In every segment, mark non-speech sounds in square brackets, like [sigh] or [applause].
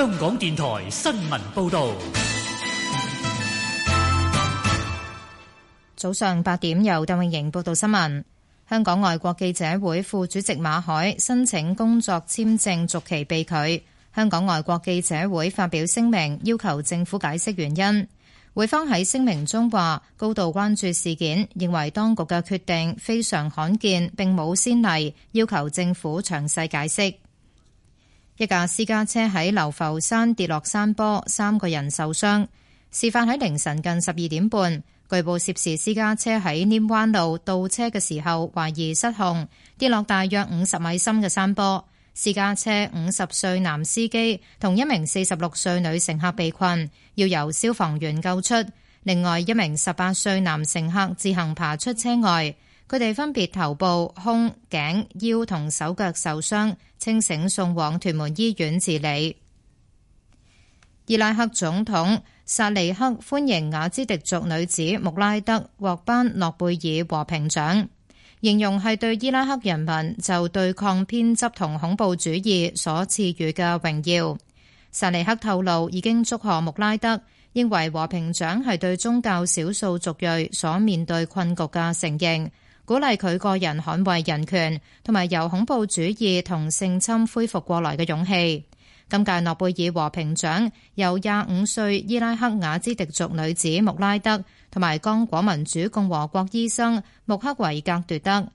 香港電台新聞報道，早上八點由鄧永瑩報道新聞。香港外國記者會副主席馬海申請工作簽證續期被拒，香港外國記者會發表聲明，要求政府解釋原因。會方喺聲明中話，高度關注事件，認為當局嘅決定非常罕見，並冇先例，要求政府詳細解釋。一架私家車喺流浮山跌落山坡，三個人受傷。事發喺凌晨近十二點半，據報涉事私家車喺稔灣路倒車嘅時候懷疑失控，跌落大約五十米深嘅山坡。私家車五十歲男司機同一名四十六歲女乘客被困，要由消防員救出。另外一名十八歲男乘客自行爬出車外。佢哋分別頭部、胸、頸、腰同手腳受傷，清醒送往屯門醫院治理。伊拉克總統薩尼克歡迎雅茲迪族族女子穆拉德獲頒諾貝爾和平獎，形容係對伊拉克人民就對抗偏執同恐怖主義所賜予嘅榮耀。薩尼克透露已經祝賀穆拉德，認為和平獎係對宗教少數族裔所面對困局嘅承認。鼓勵佢個人捍衛人權，同埋由恐怖主義同性侵恢復過來嘅勇氣。今屆諾貝爾和平奬由廿五歲伊拉克雅茲迪族女子穆拉德同埋剛果民主共和國醫生穆克維格奪得。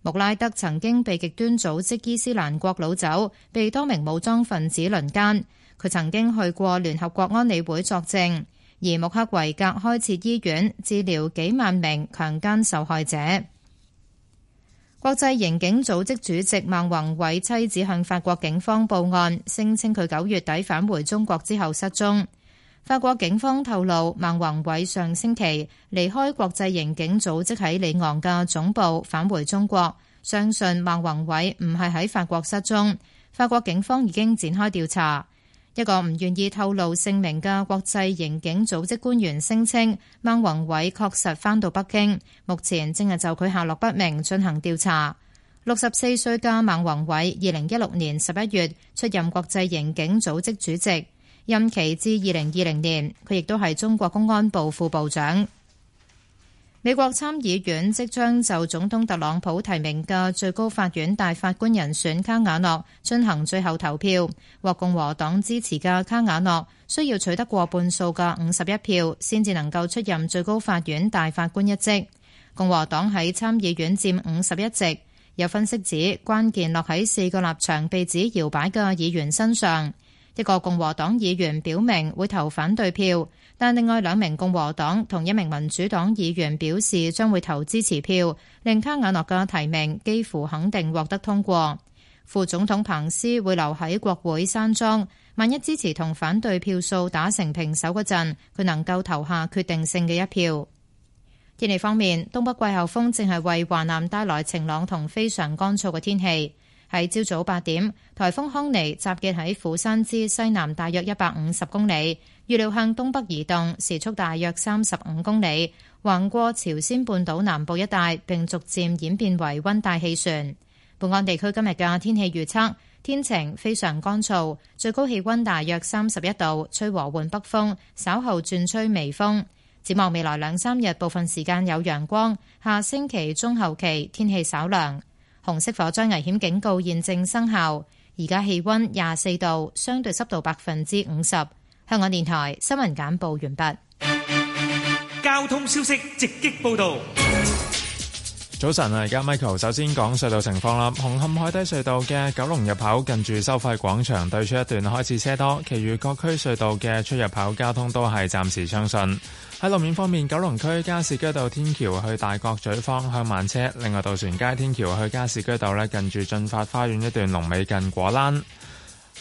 穆拉德曾經被極端組織伊斯蘭國擄走，被多名武裝分子輪姦。佢曾經去過聯合國安理會作證，而穆克維格開設醫院治療幾萬名強姦受害者。國際刑警組織主席孟宏偉妻子向法國警方報案，聲稱佢九月底返回中國之後失蹤。法國警方透露，孟宏偉上星期離開國際刑警組織喺里昂嘅總部返回中國，相信孟宏偉唔係喺法國失蹤。法國警方已經展開調查。一個唔願意透露姓名嘅國際刑警組織官員聲稱，孟宏偉確實返到北京，目前正係就佢下落不明進行調查。六十四歲嘅孟宏偉，二零一六年十一月出任國際刑警組織主席，任期至二零二零年。佢亦都係中國公安部副部長。美國參議院即將就總統特朗普提名嘅最高法院大法官人選卡瓦諾進行最後投票。獲共和黨支持嘅卡瓦諾需要取得過半數嘅五十一票，先至能夠出任最高法院大法官一職。共和黨喺參議院佔五十一席。有分析指關鍵落喺四個立場被指搖擺嘅議員身上。一個共和黨議員表明會投反對票。但另外兩名共和黨同一名民主黨議員表示將會投支持票，令卡瓦諾嘅提名幾乎肯定獲得通過。副總統彭斯會留喺國會山莊，萬一支持同反對票數打成平手嗰陣，佢能夠投下決定性嘅一票。天氣方面，東北季候風正係為華南帶來晴朗同非常乾燥嘅天氣。喺朝早八點，颱風康尼集結喺釜山之西南大約一百五十公里。預料向東北移動，時速大約三十五公里，橫過朝鮮半島南部一帶，並逐漸演變為溫帶氣旋。本港地區今日嘅天氣預測：天晴，非常乾燥，最高氣溫大約三十一度，吹和緩北風，稍後轉吹微風。展望未來兩三日，部分時間有陽光。下星期中後期天氣稍涼。紅色火災危險警告現正生效。而家氣溫廿四度，相對濕度百分之五十。香港電台新聞簡報完畢。交通消息直擊報道。早晨啊，而家 Michael 首先講隧道情況啦。紅磡海底隧道嘅九龍入口近住收費廣場對出一段開始車多，其餘各區隧道嘅出入口交通都係暫時暢順。喺路面方面，九龍區加士居道天橋去大角咀方向慢車，另外渡船街天橋去加士居道呢，近住駿發花園一段龍尾近果欄。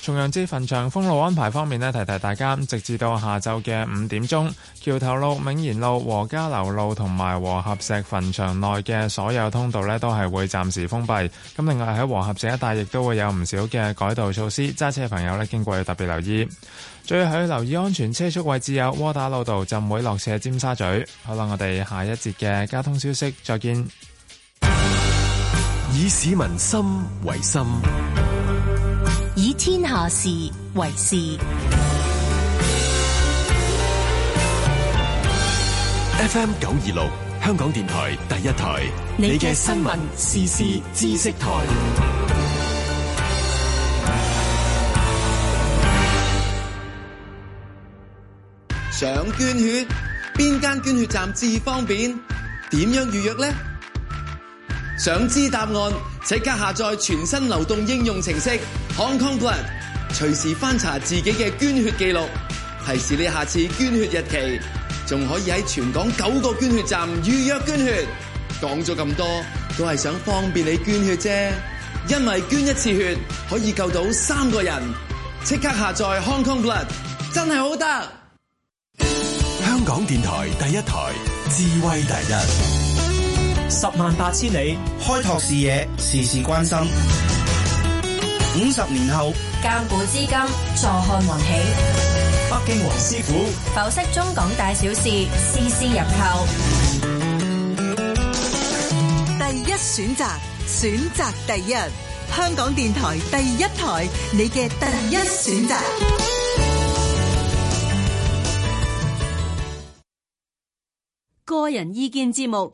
重陽節墳場封路安排方面提提大家，直至到下晝嘅五點鐘，橋頭路、明賢路、和家樓路同埋和合石墳場內嘅所有通道都係會暫時封閉。咁另外喺和合石一帶，亦都會有唔少嘅改道措施，揸車嘅朋友咧，經過要特別留意。最後要留意安全車速位置，有窩打老道、浸會落斜、尖沙咀。好啦，我哋下一節嘅交通消息，再見。以市民心為心，天下事為事，FM 九二六香港電台第一台，你嘅新聞、時事、知識台。想捐血，邊間捐血站至方便？點樣預約呢？想知答案，即刻下載全新流動應用程式 Hong Kong Blood，隨時翻查自己嘅捐血記錄，提示你下次捐血日期，仲可以喺全港九個捐血站預約捐血。講咗咁多，都係想方便你捐血啫，因為捐一次血可以救到三個人。即刻下載 Hong Kong Blood，真係好得！香港電台第一台，智慧第一。十萬八千里，開拓視野，事事關心。五十年後，鑒古知今，坐看雲起。北京王師傅，剖析中港大小事，絲絲入扣。第一選擇，選擇第一。香港電台第一台，你嘅第一選擇。選擇個人意見節目。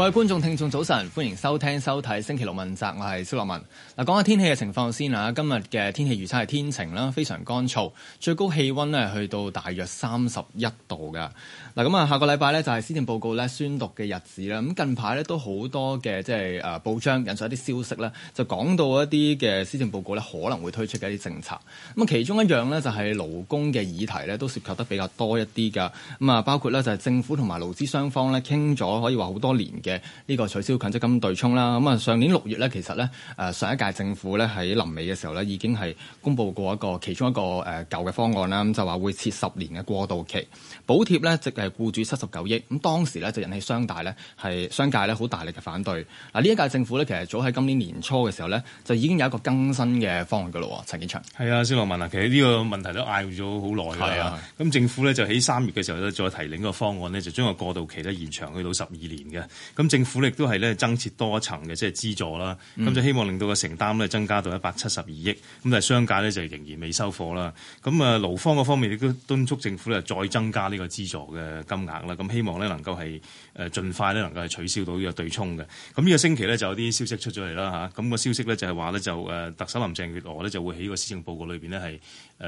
各位觀眾、聽眾，早晨，歡迎收聽、收睇《星期六問責》，我係蕭樂文。嗱，講下天氣嘅情況先嚇。今日嘅天氣預測係天晴啦，非常乾燥，最高氣温咧去到大約三十一度噶。嗱，咁啊，下個禮拜呢，就係施政報告咧宣讀嘅日子啦。咁近排呢，都好多嘅即係誒報章引述一啲消息咧，就講到一啲嘅施政報告咧可能會推出嘅一啲政策。咁啊，其中一樣呢，就係勞工嘅議題咧都涉及得比較多一啲噶。咁啊，包括呢，就係政府同埋勞資雙方呢，傾咗可以話好多年嘅。呢個取消強積金對沖啦，咁啊上年六月呢，其實呢，誒上一屆政府呢，喺臨尾嘅時候呢，已經係公布過一個其中一個誒舊嘅方案啦，咁就話會設十年嘅過渡期補貼呢，即係僱主七十九億，咁當時呢，就引起商大呢，係商界呢好大力嘅反對。嗱呢一屆政府呢，其實早喺今年年初嘅時候呢，就已經有一個更新嘅方案嘅啦喎，陳景祥。係啊，先落問啊，其實呢個問題都嗌咗好耐㗎啊，咁係啊，政府呢，就喺三月嘅時候呢，再提另一個方案呢，就將個過渡期呢延長去到十二年嘅。咁政府亦都係咧增設多一層嘅即係資助啦，咁就、嗯、希望令到個承擔咧增加到一百七十二億，咁但係商界咧就仍然未收貨啦。咁啊，勞方嗰方面亦都敦促政府咧再增加呢個資助嘅金額啦，咁希望咧能夠係，誒盡快咧能夠係取消到呢個對沖嘅。咁呢個星期咧就有啲消息出咗嚟啦嚇，咁個消息咧就係話咧就誒特首林鄭月娥咧就會喺個施政報告裏邊，呢，係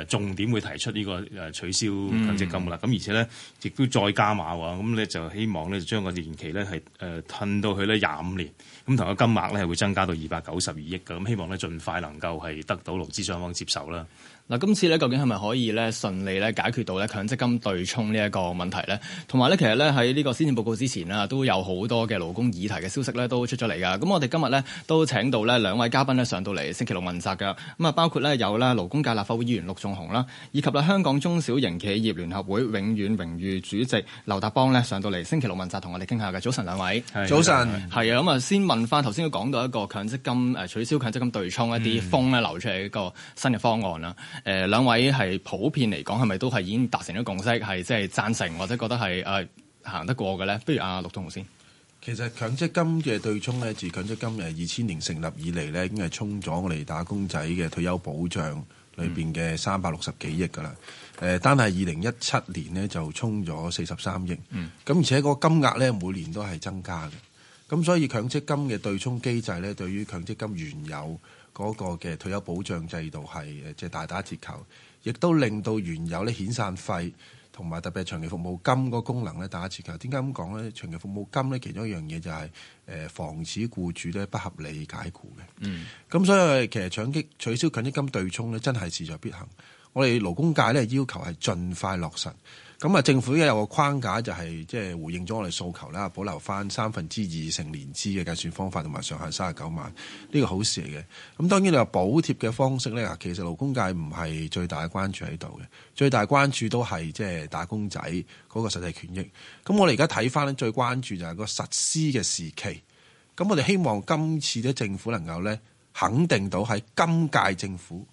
誒重點會提出呢個誒取消強積金嘅啦，咁，嗯、而且咧亦都再加碼喎，咁咧就希望咧將個年期咧係誒褪到去咧廿五年，咁同個金額咧係會增加到二百九十二億嘅，咁，希望咧盡快能夠係得到勞資雙方接受啦。嗱，今次咧究竟係咪可以咧順利咧解決到咧強積金對沖呢一個問題咧？同埋咧，其實咧喺呢個施政報告之前啦，都有好多嘅勞工議題嘅消息咧都出咗嚟噶。咁我哋今日咧都請到咧兩位嘉賓咧上到嚟星期六問責嘅。咁啊，包括咧有咧勞工界立法會議員陸頌雄啦，以及咧香港中小型企業聯合會永遠榮譽主席劉達邦咧上到嚟星期六問責我下是，同我哋傾下嘅。早晨，兩位。早晨。係啊，咁啊，先問翻頭先講到一個強積金誒取消強積金對沖一啲風咧流出嚟一個新嘅方案啦、嗯。誒、呃、兩位係普遍嚟講係咪都係已經達成咗共識，係即係贊成或者覺得係誒、呃、行得過嘅咧？不如阿、啊、陸頌雄先。其實強積金嘅對沖咧，自強積金誒二千年成立以嚟咧，已經係充咗我哋打工仔嘅退休保障裏邊嘅三百六十幾億噶啦。誒、嗯，單係二零一七年咧就充咗四十三億。咁、嗯、而且個金額咧每年都係增加嘅。咁所以強積金嘅對沖機制咧，對於強積金原有。嗰個嘅退休保障制度係即係大打折扣，亦都令到原有咧遣散費同埋特別係長期服務金個功能咧打折扣。點解咁講咧？長期服務金咧其中一樣嘢就係呃、防止僱主咧不合理解僱嘅。嗯，咁所以其實搶擊取消強積金對沖咧，真係事在必行。我哋勞工界咧要求係盡快落實。咁啊，政府嘅有個框架，就係即係回應咗我哋訴求啦，保留翻三分之二成年資嘅計算方法，同埋上限三十九萬，呢個好事嚟嘅。咁當然你話補貼嘅方式咧，其實勞工界唔係最大嘅關注喺度嘅，最大關注都係即係打工仔嗰個實際權益。咁我哋而家睇翻咧，最關注就係個實施嘅時期。咁我哋希望今次咧，政府能夠咧肯定到喺今屆政府、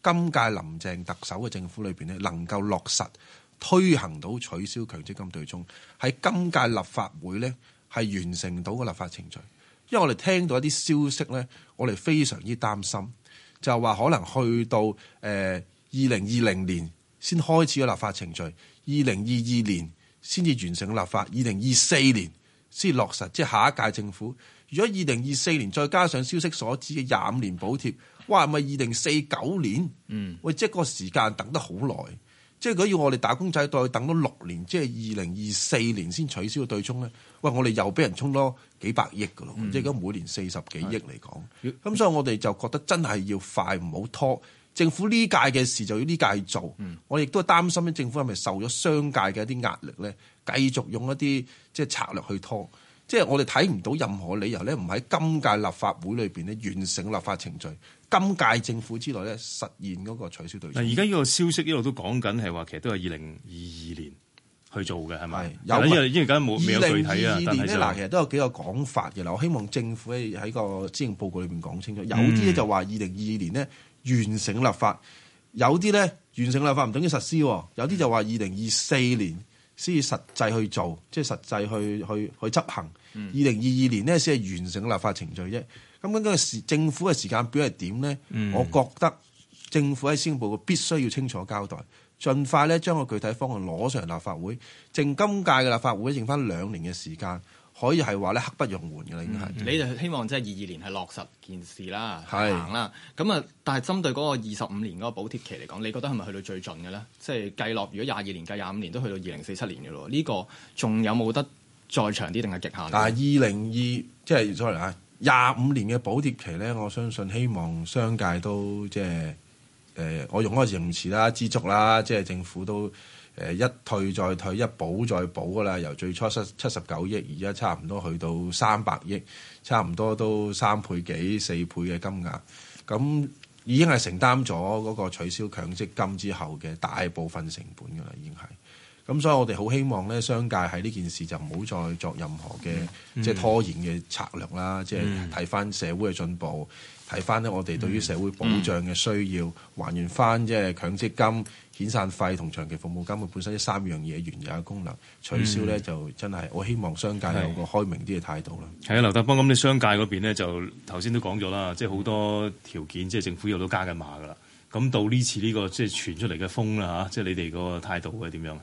今屆林鄭特首嘅政府裏邊，咧，能夠落實。推行到取消強積金對沖，喺今屆立法會呢係完成到個立法程序。因為我哋聽到一啲消息呢，我哋非常之擔心，就話、是、可能去到誒二零二零年先開始個立法程序，二零二二年先至完成立法，二零二四年先落實，即係下一屆政府。如果二零二四年再加上消息所指嘅廿五年補貼，哇，係咪二零四九年？嗯，喂，即係個時間等得好耐。即係如果要我哋打工仔再等多六年，即係二零二四年先取消對沖咧，喂，我哋又俾人沖多幾百億噶咯，嗯、即係如果每年四十幾億嚟講，咁、嗯、所以我哋就覺得真係要快，唔好拖。政府呢屆嘅事就要呢屆去做，嗯、我亦都擔心政府係咪受咗商界嘅一啲壓力咧，繼續用一啲即係策略去拖，即係我哋睇唔到任何理由咧，唔喺今屆立法會裏面咧完成立法程序。今屆政府之內咧，實現嗰個取消對沖。嗱，而家呢個消息一路都講緊，係話其實都係二零二二年去做嘅，係咪？有，因為而家冇二零二二年咧，嗱就，其實都有幾個講法嘅啦。我希望政府喺喺個施政報告裏邊講清楚。有啲咧就話二零二二年咧完成立法，有啲咧完成立法唔等於實施。有啲就話二零二四年先至實際去做，即係實際去去去執行。二零二二年咧先係完成立法程序啫。咁跟個政府嘅時間表係點呢？嗯、我覺得政府喺施政報告必須要清楚交代，盡快咧將個具體方案攞上立法會。剩今屆嘅立法會剩翻兩年嘅時間，可以係話咧刻不容緩嘅啦，已經係。嗯嗯、你就希望即係二二年係落實件事啦，是行，行啦。咁啊，但係針對嗰個二十五年嗰個補貼期嚟講，你覺得係咪去到最盡嘅呢？即、就、係、是、計落，如果廿二年計廿五年都去到二零四七年嘅咯。呢、這個仲有冇得再長啲定係極限呢？但啊、就是，二零二即係 Sorry。廿五年嘅補貼期咧，我相信希望商界都即係、呃、我用嗰個形容詞啦，知足啦，即係政府都、呃、一退再退，一補再補噶啦。由最初七七十九億，而家差唔多去到三百億，差唔多都三倍幾四倍嘅金額，咁已經係承擔咗嗰個取消強積金之後嘅大部分成本噶啦，已經係。咁所以，我哋好希望咧，商界喺呢件事就唔好再作任何嘅即係拖延嘅策略啦。即係睇翻社會嘅進步，睇翻咧我哋對於社會保障嘅需要，嗯、還原翻即係強積金、嗯、遣散費同長期服務金佢本身呢三樣嘢原有嘅功能、嗯、取消咧，就真係我希望商界有個開明啲嘅態度啦。係啊，劉達邦咁，你商界嗰邊咧就頭先都講咗啦，即係好多條件，即係政府又都加緊碼噶啦。咁到呢次呢個即係傳出嚟嘅風啦吓，即係你哋個態度會點樣？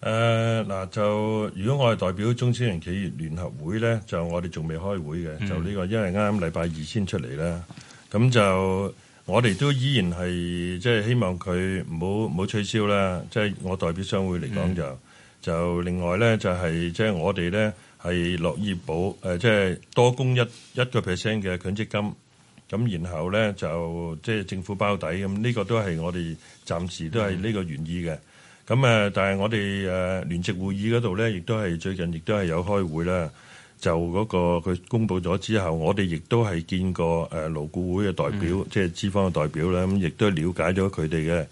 誒嗱、呃，就如果我係代表中小型企業聯合會咧，就我哋仲未開會嘅，嗯、就呢、這個因為啱啱禮拜二先出嚟啦。咁就我哋都依然係即係希望佢唔好唔好取消啦。即、就、係、是、我代表商會嚟講、嗯、就就另外咧就係即係我哋咧係樂業保即係、呃就是、多供一一個 percent 嘅強積金。咁然後咧就即係、就是、政府包底咁，呢個都係我哋暫時都係呢個原意嘅。嗯咁誒，但係我哋誒聯席會議嗰度咧，亦都係最近亦都係有開會啦。就嗰個佢公布咗之後，我哋亦都係見過誒勞顧會嘅代表，即係資方嘅代表啦。咁亦都瞭解咗佢哋嘅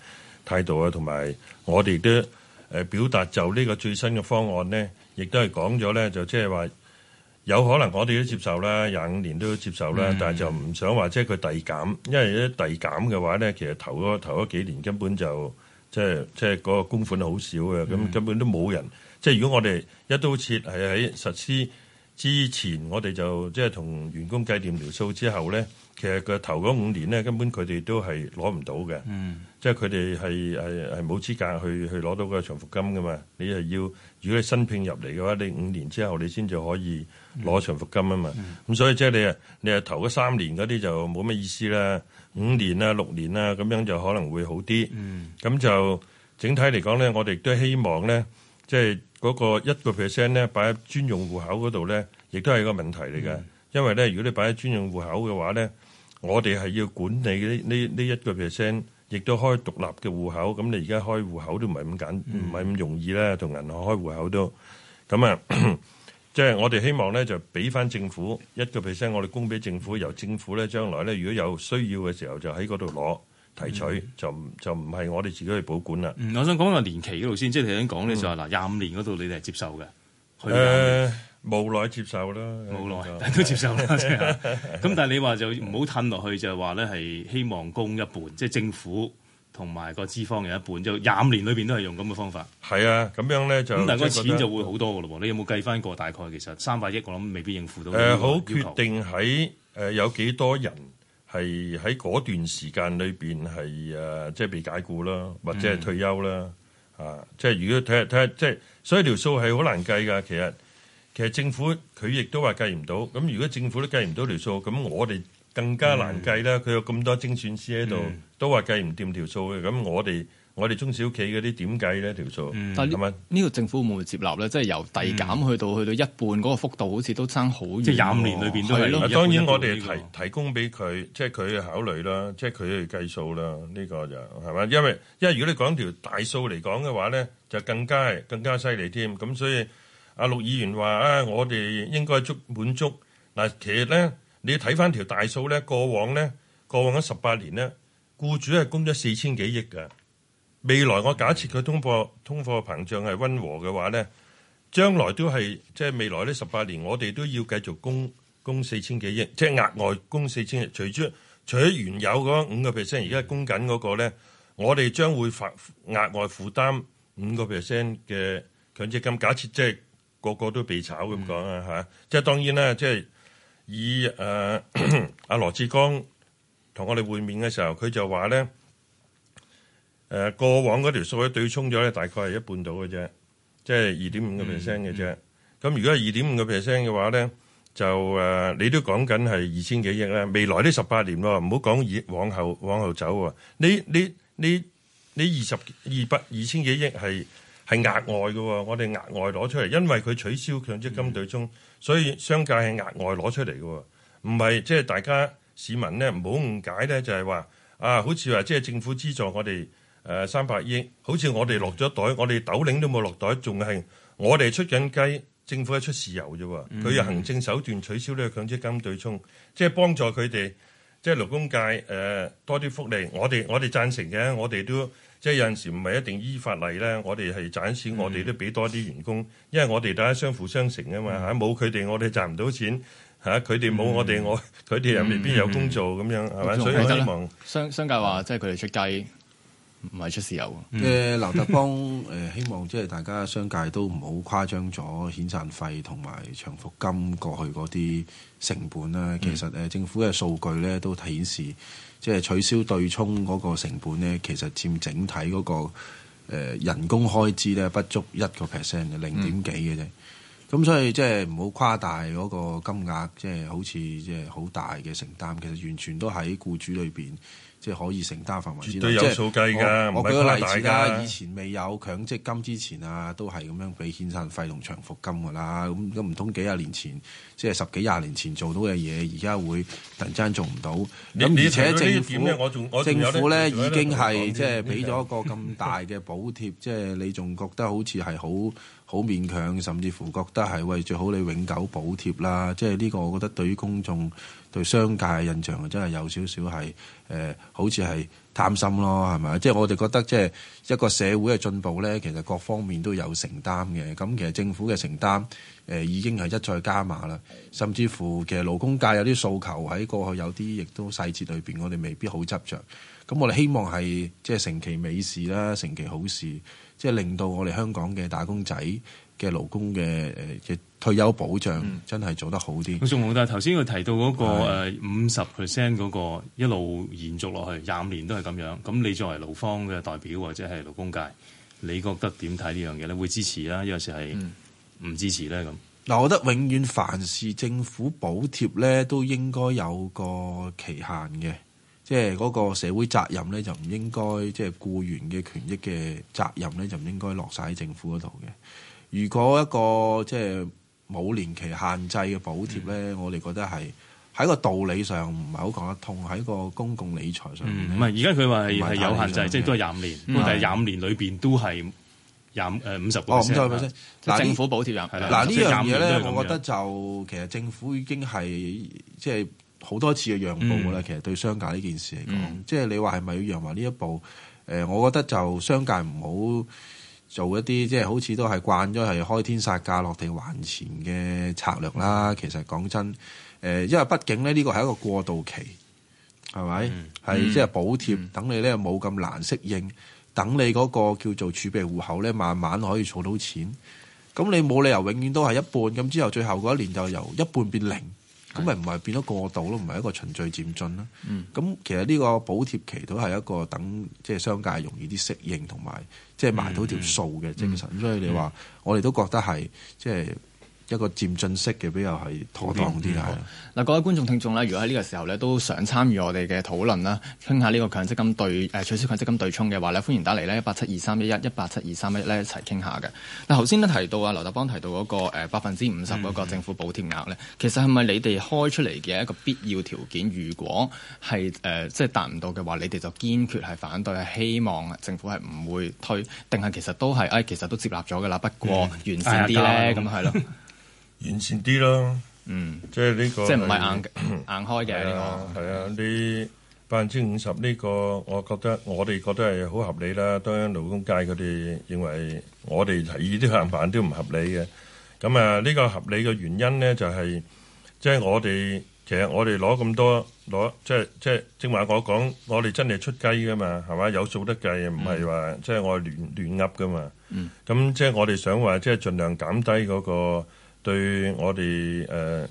態度啊，同埋我哋都誒表達就呢個最新嘅方案咧，亦都係講咗咧，就即係話有可能我哋都接受啦，廿五年都接受啦，但係就唔想話即係佢遞減，因為咧遞減嘅話咧，其實頭嗰頭嗰幾年根本就。即係即係嗰個供款好少嘅，咁的根本都冇人。即係如果我哋一刀切係喺實施之前，我哋就即係同員工計掂條數之後咧，其實佢頭嗰五年咧根本佢哋都係攞唔到嘅。嗯的，即係佢哋係係係冇資格去去攞到個長服金㗎嘛。你係要如果你新聘入嚟嘅話，你五年之後你先至可以攞長服金啊嘛。咁的所以即係你啊，你啊頭嗰三年嗰啲就冇咩意思啦。五年啊，六年啊，咁樣就可能會好啲。咁就整體嚟講咧，我哋都希望咧，即係嗰個一個 percent 咧，擺喺專用戶口嗰度咧，亦都係一個問題嚟嘅。因為咧，如果你擺喺專用戶口嘅話咧，我哋係要管理呢呢呢一個 percent，亦都開獨立嘅戶口。咁你而家開戶口都唔係咁簡唔係咁容易啦，同銀行開戶口都咁啊。即係我哋希望咧，就俾翻政府一個 percent，我哋供俾政府，由政府咧將來咧，如果有需要嘅時候就，就喺嗰度攞提取，嗯、就就唔係我哋自己去保管啦、嗯。我想講個年期嗰度先，即係頭先講咧就係、是、嗱，廿五年嗰度你哋係接受嘅。誒、呃，無奈接受啦，無奈，但都接受啦。咁但係你話就唔好褪落去，就係話咧係希望供一半，即、就、係、是、政府。同埋個脂肪嘅一半，就廿年裏邊都係用咁嘅方法。係啊，咁樣咧就咁，但係個錢就會好多嘅咯喎。嗯、你有冇計翻個大概？其實三百億，我諗未必應付到。誒、呃，好決定喺誒、呃、有幾多人係喺嗰段時間裏邊係誒，即係被解雇啦，或者係退休啦。嗯、啊，即係如果睇下睇下，即係所以條數係好難計㗎。其實其實政府佢亦都話計唔到。咁如果政府都計唔到條數，咁我哋更加難計啦。佢、嗯、有咁多精算師喺度。嗯都話計唔掂條數嘅咁，我哋我哋中小企嗰啲點計咧條數？咁啊呢個政府會唔會接納咧？即係由遞減去到去到一半嗰個幅度，好似都爭好遠，即係廿五年裏邊都係咯。當然我哋提提供俾佢，即係佢去考慮啦，即係佢去計數啦。呢個就係嘛，因為因為如果你講條大數嚟講嘅話咧，就更加更加犀利添咁，所以阿陸議員話啊，我哋應該足滿足嗱。其實咧，你睇翻條大數咧，過往咧過往咗十八年咧。雇主係供咗四千幾億嘅，未來我假設佢通貨通貨膨脹係温和嘅話咧，將來都係即係未來呢十八年，我哋都要繼續供供四千幾億，即係額外供四千億，除咗除咗原有嗰五個 percent，而家係供緊嗰個咧，我哋將會發額外負擔五個 percent 嘅強積金。假設即係個個都被炒咁講啊嚇，即係當然啦，即係以誒阿羅志剛。同我哋會面嘅時候，佢就話咧，誒過往嗰條數咧對沖咗咧，大概係一半到嘅啫，即係二點五個 percent 嘅啫。咁如果係二點五個 percent 嘅話咧，就誒你都講緊係二千幾億喇。未來呢十八年喎，唔好講以往後往後走喎。呢呢呢呢二十二百二千幾億係係額外嘅喎，我哋額外攞出嚟，因為佢取消強積金對沖，所以商界係額外攞出嚟嘅喎，唔係即係大家。市民咧唔好誤解咧，就係話啊，好似話即係政府資助我哋誒三百億，好似我哋落咗袋，我哋斗零都冇落袋，仲係我哋出緊雞，政府一出豉油啫喎，佢用行政手段取消呢個強積金對沖，即係幫助佢哋，即係勞工界誒多啲福利，我哋我哋贊成嘅，我哋都即係有陣時唔係一定依法例咧，我哋係賺錢，我哋都俾多啲員工，因為我哋大家相輔相成啊嘛嚇，冇佢哋我哋賺唔到錢。吓佢哋冇我哋、嗯、我，佢哋又未必有工做咁、嗯、樣，係嘛、嗯？所以希望商商界話，即係佢哋出雞，唔係出豉油。誒、嗯，劉達邦誒， [laughs] 希望即係大家商界都唔好誇張咗遣散費同埋長服金過去嗰啲成本咧。其實誒，政府嘅數據咧都顯示，即係取消對沖嗰個成本咧，其實佔整體嗰個誒人工開支咧不足一個 percent 嘅，零點幾嘅啫。咁所以即係唔好誇大嗰個金額，即係好似即係好大嘅承擔，其實完全都喺僱主裏面，即係可以承擔範圍之內。都有數計㗎，唔係誇大。我舉個例子啦，以前未有強積金之前啊，都係咁樣俾遣散費同長服金㗎啦。咁唔通幾廿年前，即係十幾廿年前做到嘅嘢，而家會突然之間做唔到？咁而且政府政府咧已經係即係俾咗一個咁大嘅補貼，即係 [laughs] 你仲覺得好似係好？好勉強，甚至乎覺得係喂，最好你永久補貼啦。即係呢個，我覺得對於公眾對商界嘅印象，真係有少少係誒、呃，好似係貪心咯，係咪？即係我哋覺得，即係一個社會嘅進步呢，其實各方面都有承擔嘅。咁其實政府嘅承擔、呃、已經係一再加碼啦，甚至乎其實勞工界有啲訴求喺過去有啲，亦都細節裏面，我哋未必好執着。咁我哋希望係即係成其美事啦，成其好事。即係令到我哋香港嘅打工仔嘅勞工嘅嘅、呃、退休保障、嗯、真係做得好啲。好，仲豪，但係頭先佢提到嗰個五十 percent 嗰個的一路延續落去廿五年都係咁樣，咁你作為勞方嘅代表或者係勞工界，你覺得點睇呢樣嘢咧？會支持啦，有時係唔支持咧？咁嗱、嗯，我覺得永遠凡事政府補貼咧，都應該有個期限嘅。即係嗰個社會責任咧，就唔應該即係僱員嘅權益嘅責任咧，就唔應該落曬喺政府嗰度嘅。如果一個即係冇年期限制嘅補貼咧，嗯、我哋覺得係喺個道理上唔係好講得通，喺個公共理財上唔係。而家佢話係有限制，即係都係廿五年，但係廿五年裏面都係廿五五十 percent。哦，五十 percent。嗱，政府補貼入。嗱這呢樣嘢咧，我覺得就其實政府已經係即係。好多次嘅讓步啦，嗯、其實對商界呢件事嚟講，即係你話係咪要讓埋呢一步？誒、呃，我覺得就商界唔好做一啲即係好似都係慣咗係開天殺價落地還錢嘅策略啦。嗯、其實講真，誒、呃，因為畢竟咧呢個係一個過渡期，係咪？係、嗯，即係補貼等你咧冇咁難適應，等你嗰個叫做儲備戶口咧，慢慢可以儲到錢，咁你冇理由永遠都係一半，咁之後最後嗰一年就由一半變零。咁咪唔係變咗過度咯，唔係一個循序漸進啦。咁、嗯、其實呢個補貼期都係一個等，即係商界容易啲適應同埋，即係埋到條數嘅精神。嗯嗯嗯、所以你話，我哋都覺得係即係。即係一個漸進式嘅比較係妥當啲啦。嗱，那各位觀眾聽眾呢，如果喺呢個時候呢，都想參與我哋嘅討論啦，傾下呢個強積金對誒、呃、取消強積金對沖嘅話呢，歡迎打嚟呢，11, 一八七二三一一一八七二三一一，一齊傾下嘅。嗱，頭先都提到啊，劉達邦提到嗰、那個百分之五十嗰個政府補貼額呢，嗯、其實係咪你哋開出嚟嘅一個必要條件？如果係誒即係達唔到嘅話，你哋就堅決係反對，係希望政府係唔會推，定係其實都係誒、哎、其實都接納咗嘅啦。不過完善啲呢。咁係咯。哎麼 [laughs] 完善啲咯，嗯，即係呢個係即係唔係硬 [coughs] 硬開嘅，呢啊，係啊，呢百分之五十呢個，我覺得我哋覺得係好合理啦。當然勞工界佢哋認為我哋提議啲限額都唔合理嘅。咁啊，呢、呢個合理嘅原因咧，就係、係、即係我哋其實我哋攞咁多攞，即係即係正話我講，我哋真係出雞噶嘛，係嘛，有數得計，唔係話即係我亂亂噏噶嘛。嗯，咁即係我哋想話，即係盡量減低嗰、嗰個。對我哋誒、呃、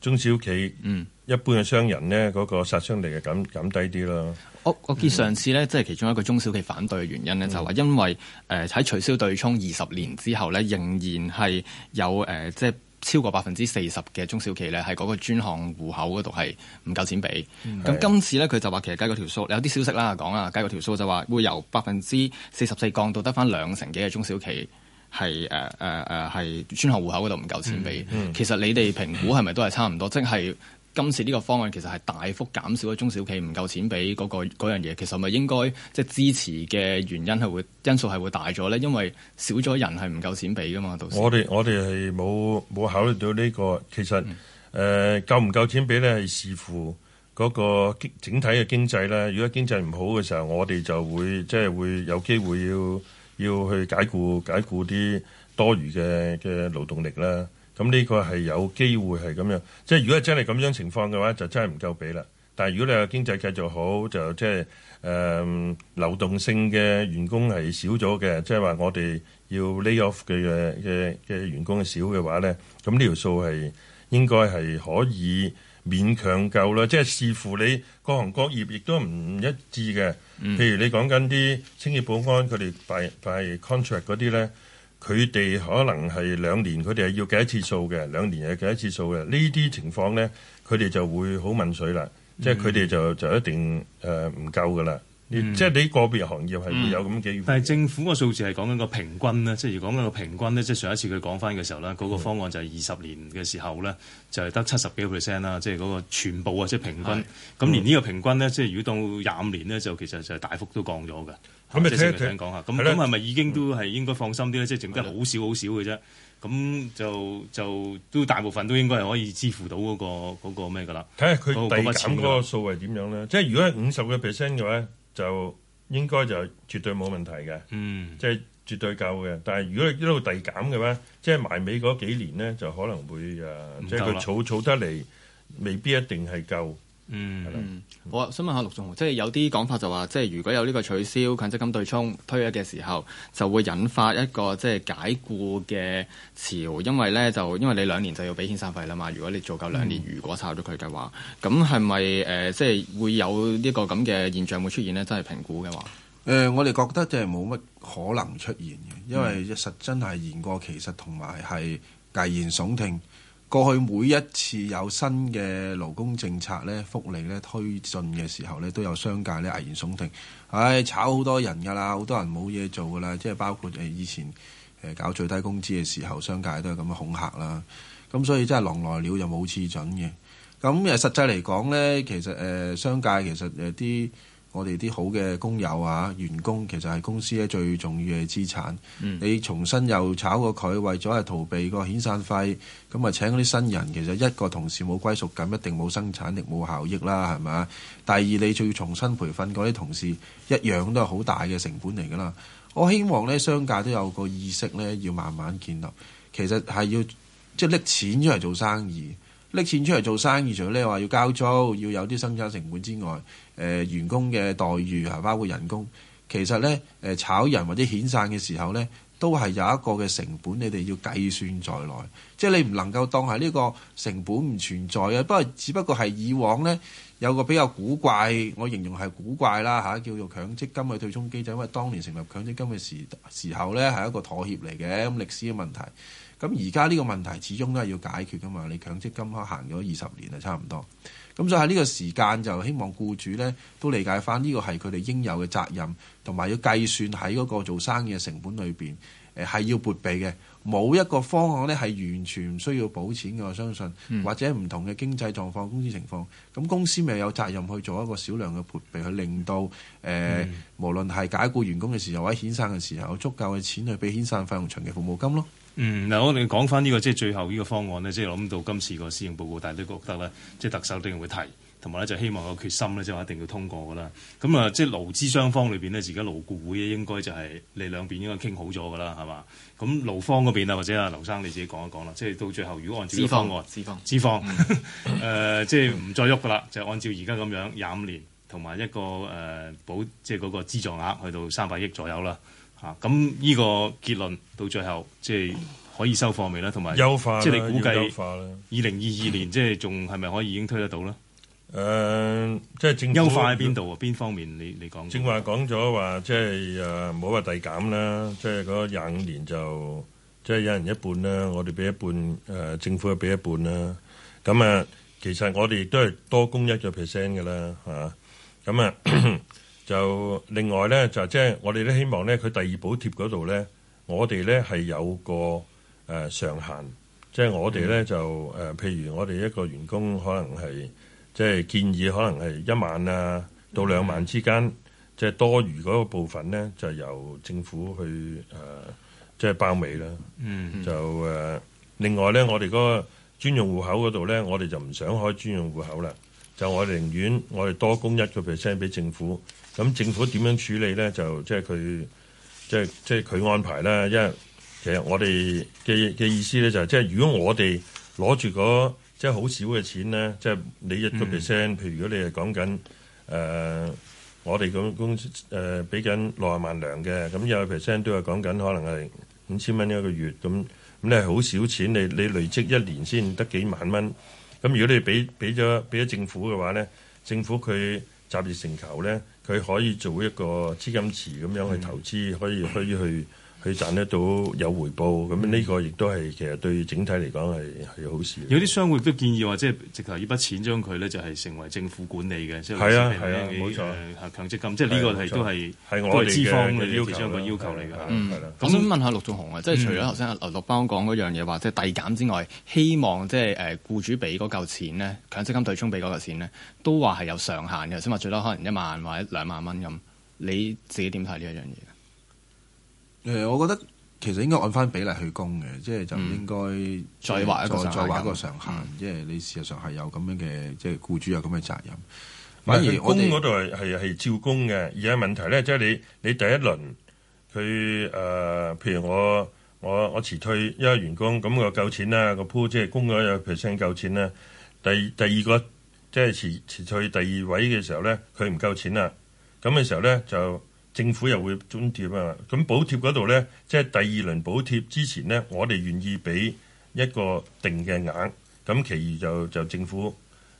中小企，嗯，一般嘅商人呢，嗰、嗯、個殺傷力係減減低啲咯。我我見上次呢，嗯、即係其中一個中小企反對嘅原因呢，嗯、就係話因為誒喺、呃、取消對沖二十年之後呢，仍然係有誒、呃、即係超過百分之四十嘅中小企呢，喺嗰個專項戶口嗰度係唔夠錢俾。咁、嗯、今次呢，佢就話其實計嗰條數有啲消息啦，講啊計嗰條數就話會由百分之四十四降到得翻兩成幾嘅中小企。係誒誒誒係專戶戶口嗰度唔夠錢俾，嗯嗯、其實你哋評估係咪都係差唔多？即係、嗯、今次呢個方案其實係大幅減少咗中小企唔夠錢俾嗰、嗰個樣嘢，其實係咪應該即係、即係、支持嘅原因係會因素係會大咗咧？因為少咗人係唔夠錢俾噶嘛？到時我哋我哋係冇冇考慮到呢、呢個，其實誒、嗯呃、夠唔夠錢俾咧係視乎嗰個整體嘅經濟啦。如果經濟唔好嘅時候，我哋就會即係、即係、會有機會要。要去解僱解僱啲多餘嘅嘅勞動力啦，咁呢個係有機會係咁樣。即係如果真係咁樣情況嘅話，就真係唔夠俾啦。但係如果你話經濟繼續好，就即係誒流動性嘅員工係少咗嘅，即係話我哋要 lay off 嘅嘅嘅員工少嘅話咧，咁呢條數係應該係可以勉強夠啦。即係視乎你各行各業亦都唔一致嘅。嗯、譬如你講緊啲清潔保安 by，佢哋 by by contract 嗰啲咧，佢哋可能係兩年，佢哋係要計一次數嘅，兩年係計一次數嘅，呢啲情況咧，佢哋就會好濛水啦，嗯、即係佢哋就就一定誒唔、呃、夠噶啦。即係你個別行業係會有咁嘅，但係政府個數字係講緊個平均咧。即係如果講緊個平均咧，即係上一次佢講翻嘅時候咧，嗰個方案就係二十年嘅時候咧，就係得七十幾個 percent 啦。即係嗰個全部啊，即係平均。咁連呢個平均咧，即係如果到廿五年咧，就其實就係大幅都降咗嘅。咁咪聽聽講下，咁咁係咪已經都係應該放心啲咧？即係剩低好少好少嘅啫。咁就就都大部分都應該係可以支付到嗰個嗰個咩㗎啦？睇下佢第減嗰個數係點樣咧。即係如果係五十個 percent 嘅話。就應該就絕對冇問題嘅，即係、嗯、絕對夠嘅。但係如果你一路遞減嘅話，即、就、係、是、埋尾嗰幾年咧，就可能會啊，即係佢儲儲得嚟，未必一定係夠。嗯，吧嗯，好啊！想問下陸頌雄，即係有啲講法就話，即係如果有呢個取消強積金對沖推一嘅時候，就會引發一個即係解僱嘅潮，因為咧就因為你兩年就要俾遣散費啦嘛。如果你做夠兩年，嗯、如果炒咗佢嘅話，咁係咪誒即係會有呢、呢個咁嘅現象會出現咧？真係評估嘅話，誒、呃、我哋覺得即係冇乜可能出現嘅，因為實真係言過其實同埋係危言聳聽。過去每一次有新嘅勞工政策咧、福利咧推進嘅時候咧，都有商界咧危言聳聽，唉炒好多人㗎啦，好多人冇嘢做㗎啦，即係包括誒以前誒搞最低工資嘅時候，商界都係咁樣的恐嚇啦。咁所以真係狼來了又冇次準嘅。咁誒實際嚟講咧，其實誒商界其實誒啲。我哋啲好嘅工友啊，員工其實係公司咧最重要嘅資產。嗯。你重新又炒過佢，為咗係逃避個遣散費，咁啊請啲新人，其實一個同事冇歸屬感，一定冇生產力、冇效益啦，係咪啊？第二，你仲要重新培訓嗰啲同事，一樣都係好大嘅成本嚟噶啦。我希望呢商界都有個意識咧，要慢慢建立。其實係要，係要即係搦錢出嚟做生意，搦錢出嚟做生意，除咗你話要交租，要有啲生產成本之外。誒、呃呃、員工嘅待遇包括人工，其實呢、呃、炒人或者遣散嘅時候呢都係有一個嘅成本，你哋要計算在內，即係你唔能夠當係呢個成本唔存在，不過只不過係以往呢，有個比較古怪，我形容係古怪啦，叫做強積金去對沖機制，因為當年成立強積金嘅時候呢係一個妥協嚟嘅，咁歷史嘅問題，咁而家呢個問題始終都係要解決㗎嘛，你強積金行咗二十年啊，差唔多。咁就喺呢個時間，就希望僱主呢都理解翻呢個係佢哋應有嘅責任，同埋要計算喺嗰個做生意嘅成本裏面係係、呃、要撥備嘅。冇一個方案呢係完全唔需要補錢嘅，我相信。或者唔同嘅經濟狀況、公司情況，咁公司咪有責任去做一個少量嘅撥備，去令到誒、呃嗯、無論係解僱員工嘅時候或者遣散嘅時候，時候有足夠嘅錢去俾遣散費用、長期服務金咯。嗯，嗱、這個，我哋講翻呢個即係最後呢個方案咧，即係諗到今次個施政報告，大都覺得咧，即、就、係、是、特首都一定會提，同埋咧就是、希望個決心咧就是、一定要通過噶啦。咁啊，即、就、係、是、勞資雙方裏面咧，而家勞顧會應該就係、是、你兩邊應該傾好咗噶啦，係嘛？咁勞方嗰邊啊，或者啊，劉生你自己講一講啦。即、就、係、是、到最後，如果按照方案，資方，資方即係唔再喐噶啦，就是就是、按照而家咁樣廿五年同埋一個誒、呃、保，即係嗰個資助額去到三百億左右啦。啊！咁依個結論到最後，即係可以收貨未啦？同埋，優化即係你估計二零二二年，即係仲係咪可以已經推得到咧？誒、呃，即係政府優化喺邊度？邊方面你你講？正話講咗話，即係誒，冇話遞減啦，即係嗰廿五年就即係有人一半啦，我哋俾一半，誒、呃，政府又俾一半啦。咁啊，其實我哋都係多供一個 percent 嘅啦，嚇。咁啊。 [coughs] 就另外咧，就即、是、係我哋都希望咧，佢第二補貼嗰度咧，我哋咧係有個誒、呃、上限，即、就、係、是、我哋咧、mm hmm. 就誒、呃，譬如我哋一個員工可能係即係建議，可能係一萬啊、mm hmm. 到兩萬之間，即、就、係、是、多餘嗰個部分咧，就由政府去誒即係包尾啦。嗯、mm，hmm. 就誒、呃、另外咧，我哋嗰個專用戶口嗰度咧，我哋就唔想開專用戶口啦。就我哋寧願我哋多供一個 percent 俾政府。咁政府點樣處理咧？就即係佢，即係即係佢安排啦。因為其實我哋嘅嘅意思咧、就係，就係即係如果我哋攞住嗰即係好少嘅錢咧，即係你一個 percent。嗯、譬如如果你係講緊誒，我哋咁公司誒俾緊六十萬糧嘅，咁有個 percent 都係講緊可能係五千蚊一個月咁。咁你係好少錢，你你累積一年先得幾萬蚊。咁如果你俾俾咗俾咗政府嘅話咧，政府佢。集腋成裘咧，佢可以做一個資金池咁樣去投資，可以、嗯、可以去。嗯佢賺得到有回報，咁呢個亦都係其實對整體嚟講係好事。有啲商戶都建議話，即係直頭依筆錢將佢咧就係成為政府管理嘅，即係譬如強積金，即係呢個係都係都係資方嘅要求。咁問下陸頌雄啊，即係、嗯、除咗頭先劉達邦講嗰樣嘢，即係遞減之外，希望即係誒僱主俾嗰嚿錢呢，強積金對沖俾嗰嚿錢呢，都話係有上限嘅，先話最多可能一萬或者兩萬蚊咁。你自己點睇呢一樣嘢？誒、呃，我覺得其實應該按翻比例去供嘅，即係就應該、嗯、是再劃一個，再劃一個上限。嗯、即係你事實上係有咁樣嘅，即係僱主有咁嘅責任。反而供嗰度，係係照供嘅，而家問題咧，即係你你第一輪佢誒，譬如我我我辭退一個員工，咁我夠錢啦，嗰個鋪即係供咗有 percent 夠錢啦。第第二個即係辭辭退第二位嘅時候咧，佢唔夠錢啦，咁嘅時候咧就，政府又會津貼啊，咁補貼嗰度咧，即係第二輪補貼之前咧，我哋願意俾一個定嘅額，咁其餘就就政府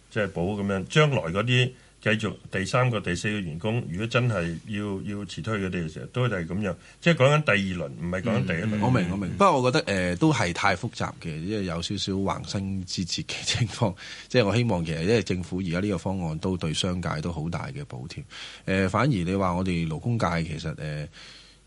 即係補咁樣，將來嗰啲。繼續第三個、第四個員工，如果真係要要辭退佢哋，嘅時候都係咁樣。即係講緊第二輪，唔係講緊第一輪。嗯嗯、我明我明。嗯、不過我覺得、呃、都係太複雜嘅，因為有少少橫生枝節嘅情況。即係我希望其實，因為政府而家呢個方案都對商界都好大嘅補貼、呃。反而你話我哋勞工界其實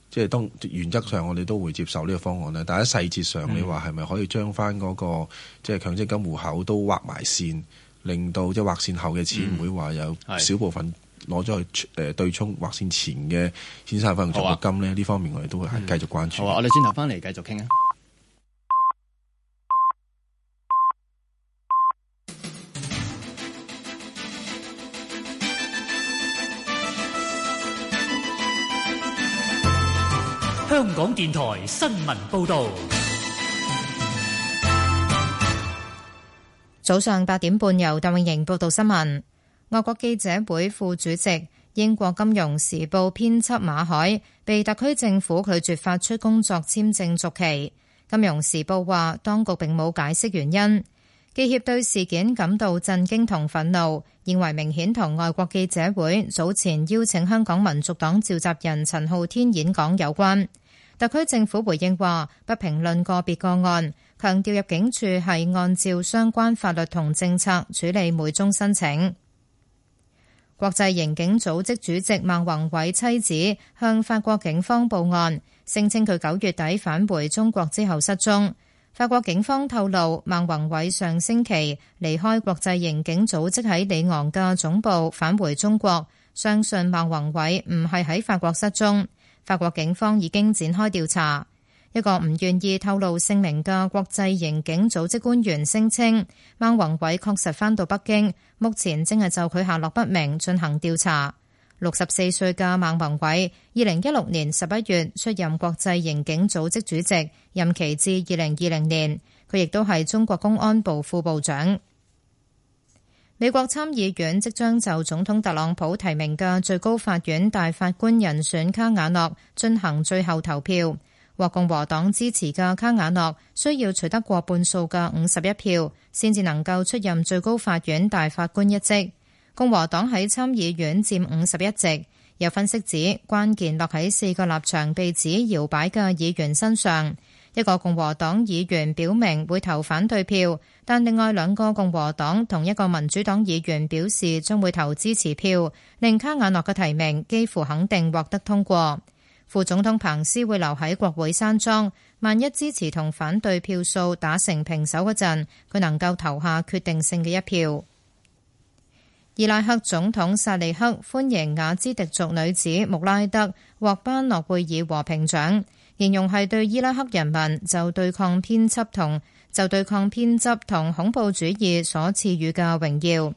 即係當原則上我哋都會接受呢個方案，但係細節上，嗯、你話係咪可以將翻嗰個即係強積金戶口都畫埋線？令到即係劃線後嘅錢唔會話有少部分攞咗去，誒，對沖劃線前嘅先生品作金咧，呢、啊、方面我哋都會係繼續關注。好啊，我哋轉頭翻嚟繼續傾啊！香港電台新聞報導。早上八點半，由鄧詠瑩報道新聞。外國記者會副主席、英國金《金融時報》編輯馬凱被特區政府拒絕發出工作簽證續期，《金融時報》話當局並冇解釋原因。記協對事件感到震驚同憤怒，認為明顯同外國記者會早前邀請香港民族黨召集人陳浩天演講有關。特區政府回應話不評論個別個案。強調入境處係按照相關法律同政策處理每宗申請。國際刑警組織主席孟宏偉妻子向法國警方報案，聲稱佢九月底返回中國之後失蹤。法國警方透露，孟宏偉上星期離開國際刑警組織喺里昂嘅總部返回中國，相信孟宏偉唔係喺法國失蹤。法國警方已經展開調查。一個唔願意透露姓名嘅國際刑警組織官員聲稱，孟宏偉確實返到北京，目前正係就佢下落不明進行調查。六十四歲嘅孟宏偉，二零一六年十一月出任國際刑警組織主席，任期至二零二零年。佢亦都係中國公安部副部長。美國參議院即將就總統特朗普提名嘅最高法院大法官人選卡瓦諾進行最後投票。獲共和黨支持嘅卡瓦諾需要取得過半數嘅五十一票，先至能夠出任最高法院大法官一職。共和黨喺參議院佔五十一席，有分析指關鍵落喺四個立場被指搖擺嘅議員身上。一個共和黨議員表明會投反對票，但另外兩個共和黨同一個民主黨議員表示將會投支持票，令卡瓦諾嘅提名幾乎肯定獲得通過。副總統彭斯會留喺國會山莊，萬一支持同反對票數打成平手嗰陣，佢能夠投下決定性嘅一票。伊拉克總統薩利克歡迎雅茲迪族女子穆拉德獲頒諾貝爾和平獎，形容係對伊拉克人民就對抗偏執同就對抗偏執同恐怖主義所賜予嘅榮耀。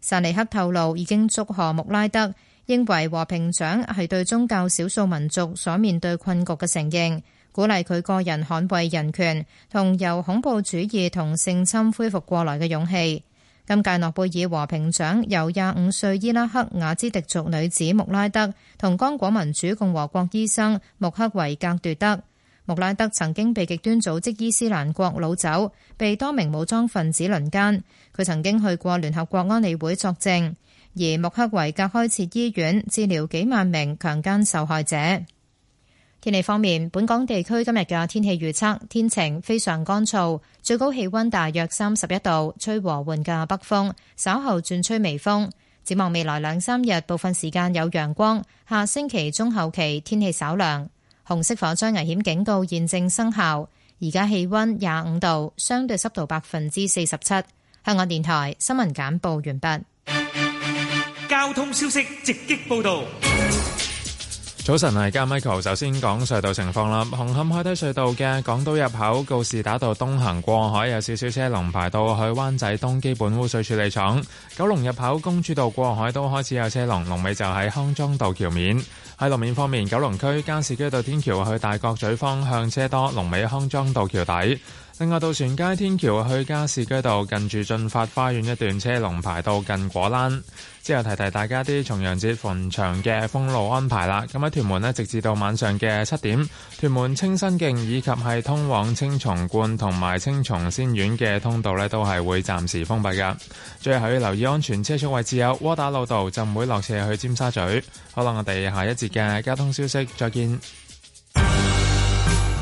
薩利克透露已經祝賀穆拉德。認為和平獎係對宗教少數民族所面對困局嘅承認，鼓勵佢個人捍衛人權同由恐怖主義同性侵恢復過來嘅勇氣。今屆諾貝爾和平獎由廿五歲伊拉克雅之迪族女子穆拉德同剛果民主共和國醫生穆克維格奪得。穆拉德曾經被極端組織伊斯蘭國擄走，被多名武裝分子輪姦。佢曾經去過聯合國安理會作證。而穆克維格開設醫院治療幾萬名強姦受害者。天氣方面，本港地區今日嘅天氣預測天晴，非常乾燥，最高氣溫大約三十一度，吹和緩嘅北風，稍後轉吹微風。展望未來兩三日，部分時間有陽光。下星期中後期天氣稍涼。紅色火災危險警告現正生效。而家氣溫廿五度，相對濕度百分之四十七。香港電台新聞簡報完畢。交通消息直擊報道。早晨係加 Michael，首先講隧道情況啦。紅磡海底隧道嘅港島入口告士打道東行過海有少少車龍排到去灣仔東基本污水處理廠。九龍入口公主道過海都開始有車龍，龍尾就喺康莊道橋面。喺路面方面，九龍區加士居道天橋去大角咀方向車多，龍尾康莊道橋底。另外，渡船街天橋去加士居道近住駿發花園一段車龍排到近果欄。之後提提大家啲重陽節墳場嘅封路安排啦。咁喺屯門呢，直至到晚上嘅七點，屯門清新徑以及係通往青松觀同埋青松仙苑嘅通道呢，都係會暫時封閉噶。最後要留意安全車速位置有窩打老道就唔會落斜去尖沙咀。好啦，我哋下一節嘅交通消息再見。.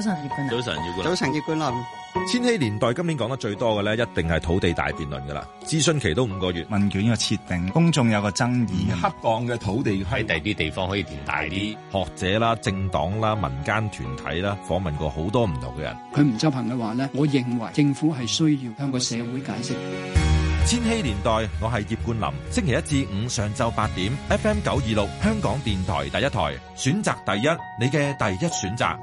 早晨，葉冠林。早晨，葉冠林。林千禧年代今年講得最多嘅咧，一定係土地大辯論噶啦。諮詢期都五個月，問卷嘅設定，公眾有個爭議，恰當嘅土地喺第啲地方可以填大啲。學者啦、政黨啦、民間團體啦，訪問過好多唔同嘅人。佢唔執行嘅話咧，我認為政府係需要向個社會解釋。千禧年代，我係葉冠林。星期一至五上晝八點，FM 九二六香港電台第一台，選擇第一，你嘅第一選擇。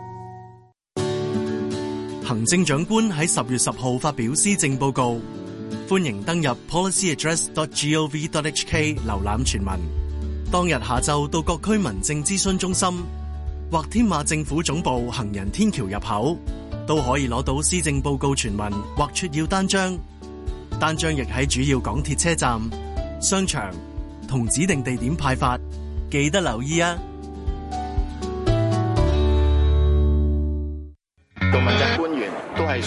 行政長官喺十月十號發表施政報告，歡迎登入 policyaddress.gov.hk 瀏覽全文。當日下晝到各區民政諮詢中心或天馬政府總部行人天橋入口，都可以攞到施政報告全文或撮要單張。單張亦喺主要港鐵車站、商場同指定地點派發，記得留意啊！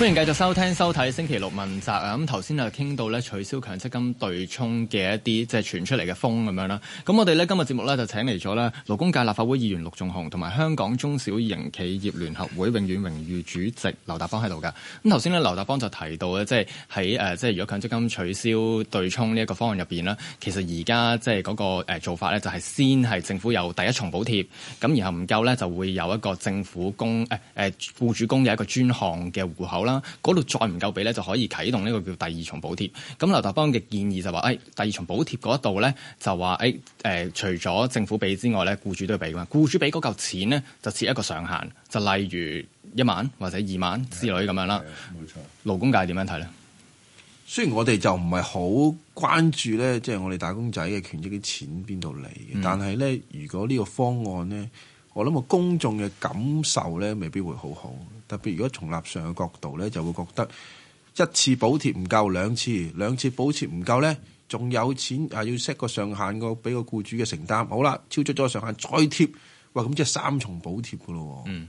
歡迎繼續收聽收睇星期六問責啊！咁頭先啊，傾到咧取消強積金對沖嘅一啲即係傳出嚟嘅風咁樣啦。咁我哋咧今日節目咧就請嚟咗啦勞工界立法會議員陸頌雄同埋香港中小型企業聯合會永遠榮譽主席劉達邦喺度噶。咁頭先咧，劉達邦就提到咧，即係喺即係如果強積金取消對沖呢一個方案入面，咧，其實而家即係嗰個做法咧，就係先係政府有第一重補貼，咁然後唔夠咧就會有一個政府供、哎呃、僱主供嘅一個專項嘅戶口啦。嗰度再唔夠俾咧，就可以啟動呢個叫第二重補貼。咁劉達邦嘅建議就話，誒、哎，第二重補貼嗰度咧，就話誒，誒、呃，除咗政府俾之外咧，僱主都要俾嘛。僱主俾嗰嚿錢咧，就設一個上限，就例如一萬或者二萬之類咁樣啦。冇錯。勞工界點樣睇咧？雖然我哋就唔係好關注咧，即係我哋打工仔嘅權益啲錢邊度嚟，嗯、但係咧，如果呢個方案咧，我諗個公眾嘅感受咧，未必會好好。特別如果從立上嘅角度咧，就會覺得一次補貼唔夠，兩次兩次補貼唔夠咧，仲有錢啊要 set 個上限個俾個僱主嘅承擔，好啦，超出咗上限再貼，哇咁即係三重補貼噶咯，咁、嗯、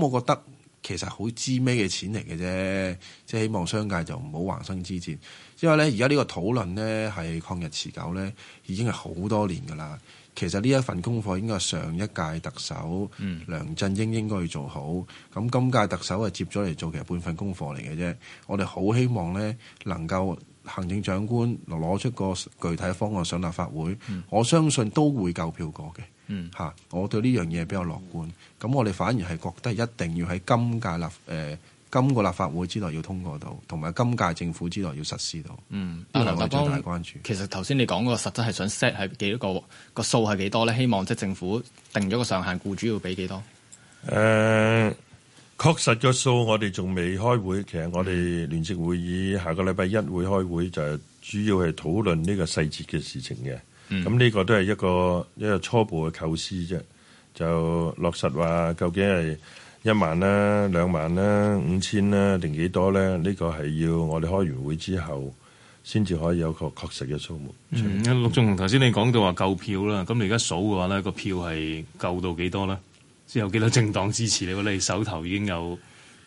我覺得。其實好知咩嘅錢嚟嘅啫，即係希望商界就唔好橫生枝節。因為咧，而家呢個討論咧係抗日持久咧，已經係好多年㗎啦。其實呢一份功課應該係上一屆特首、嗯、梁振英應該要做好。咁今屆特首係接咗嚟做其實半份功課嚟嘅啫。我哋好希望咧能夠行政長官攞出個具體方案上立法會，嗯、我相信都會夠票過嘅。嗯，吓，我對呢樣嘢比較樂觀，咁我哋反而係覺得一定要喺今屆立誒、呃、今個立法會之內要通過到，同埋今屆政府之內要實施到。嗯，呢個係我最大關注。啊、其實頭先你講嗰個實質係想 set 係幾多個個數係幾多咧？希望即係政府定咗個上限，雇主要俾幾多？誒、呃，確實個數我哋仲未開會，其實我哋聯席會議下個禮拜一會開會就係主要係討論呢個細節嘅事情嘅。咁呢、嗯、個都係一個一個初步嘅構思啫，就落實話究竟係一萬啦、兩萬啦、五千啦、定幾多咧？呢、呢個係要我哋開完會之後先至可以有個確實嘅數目。嗯，陸頌雄頭先你講到話夠票啦，咁你而家數嘅話咧，個票係夠到幾多咧？即有幾多政黨支持你？你覺得你手頭已經有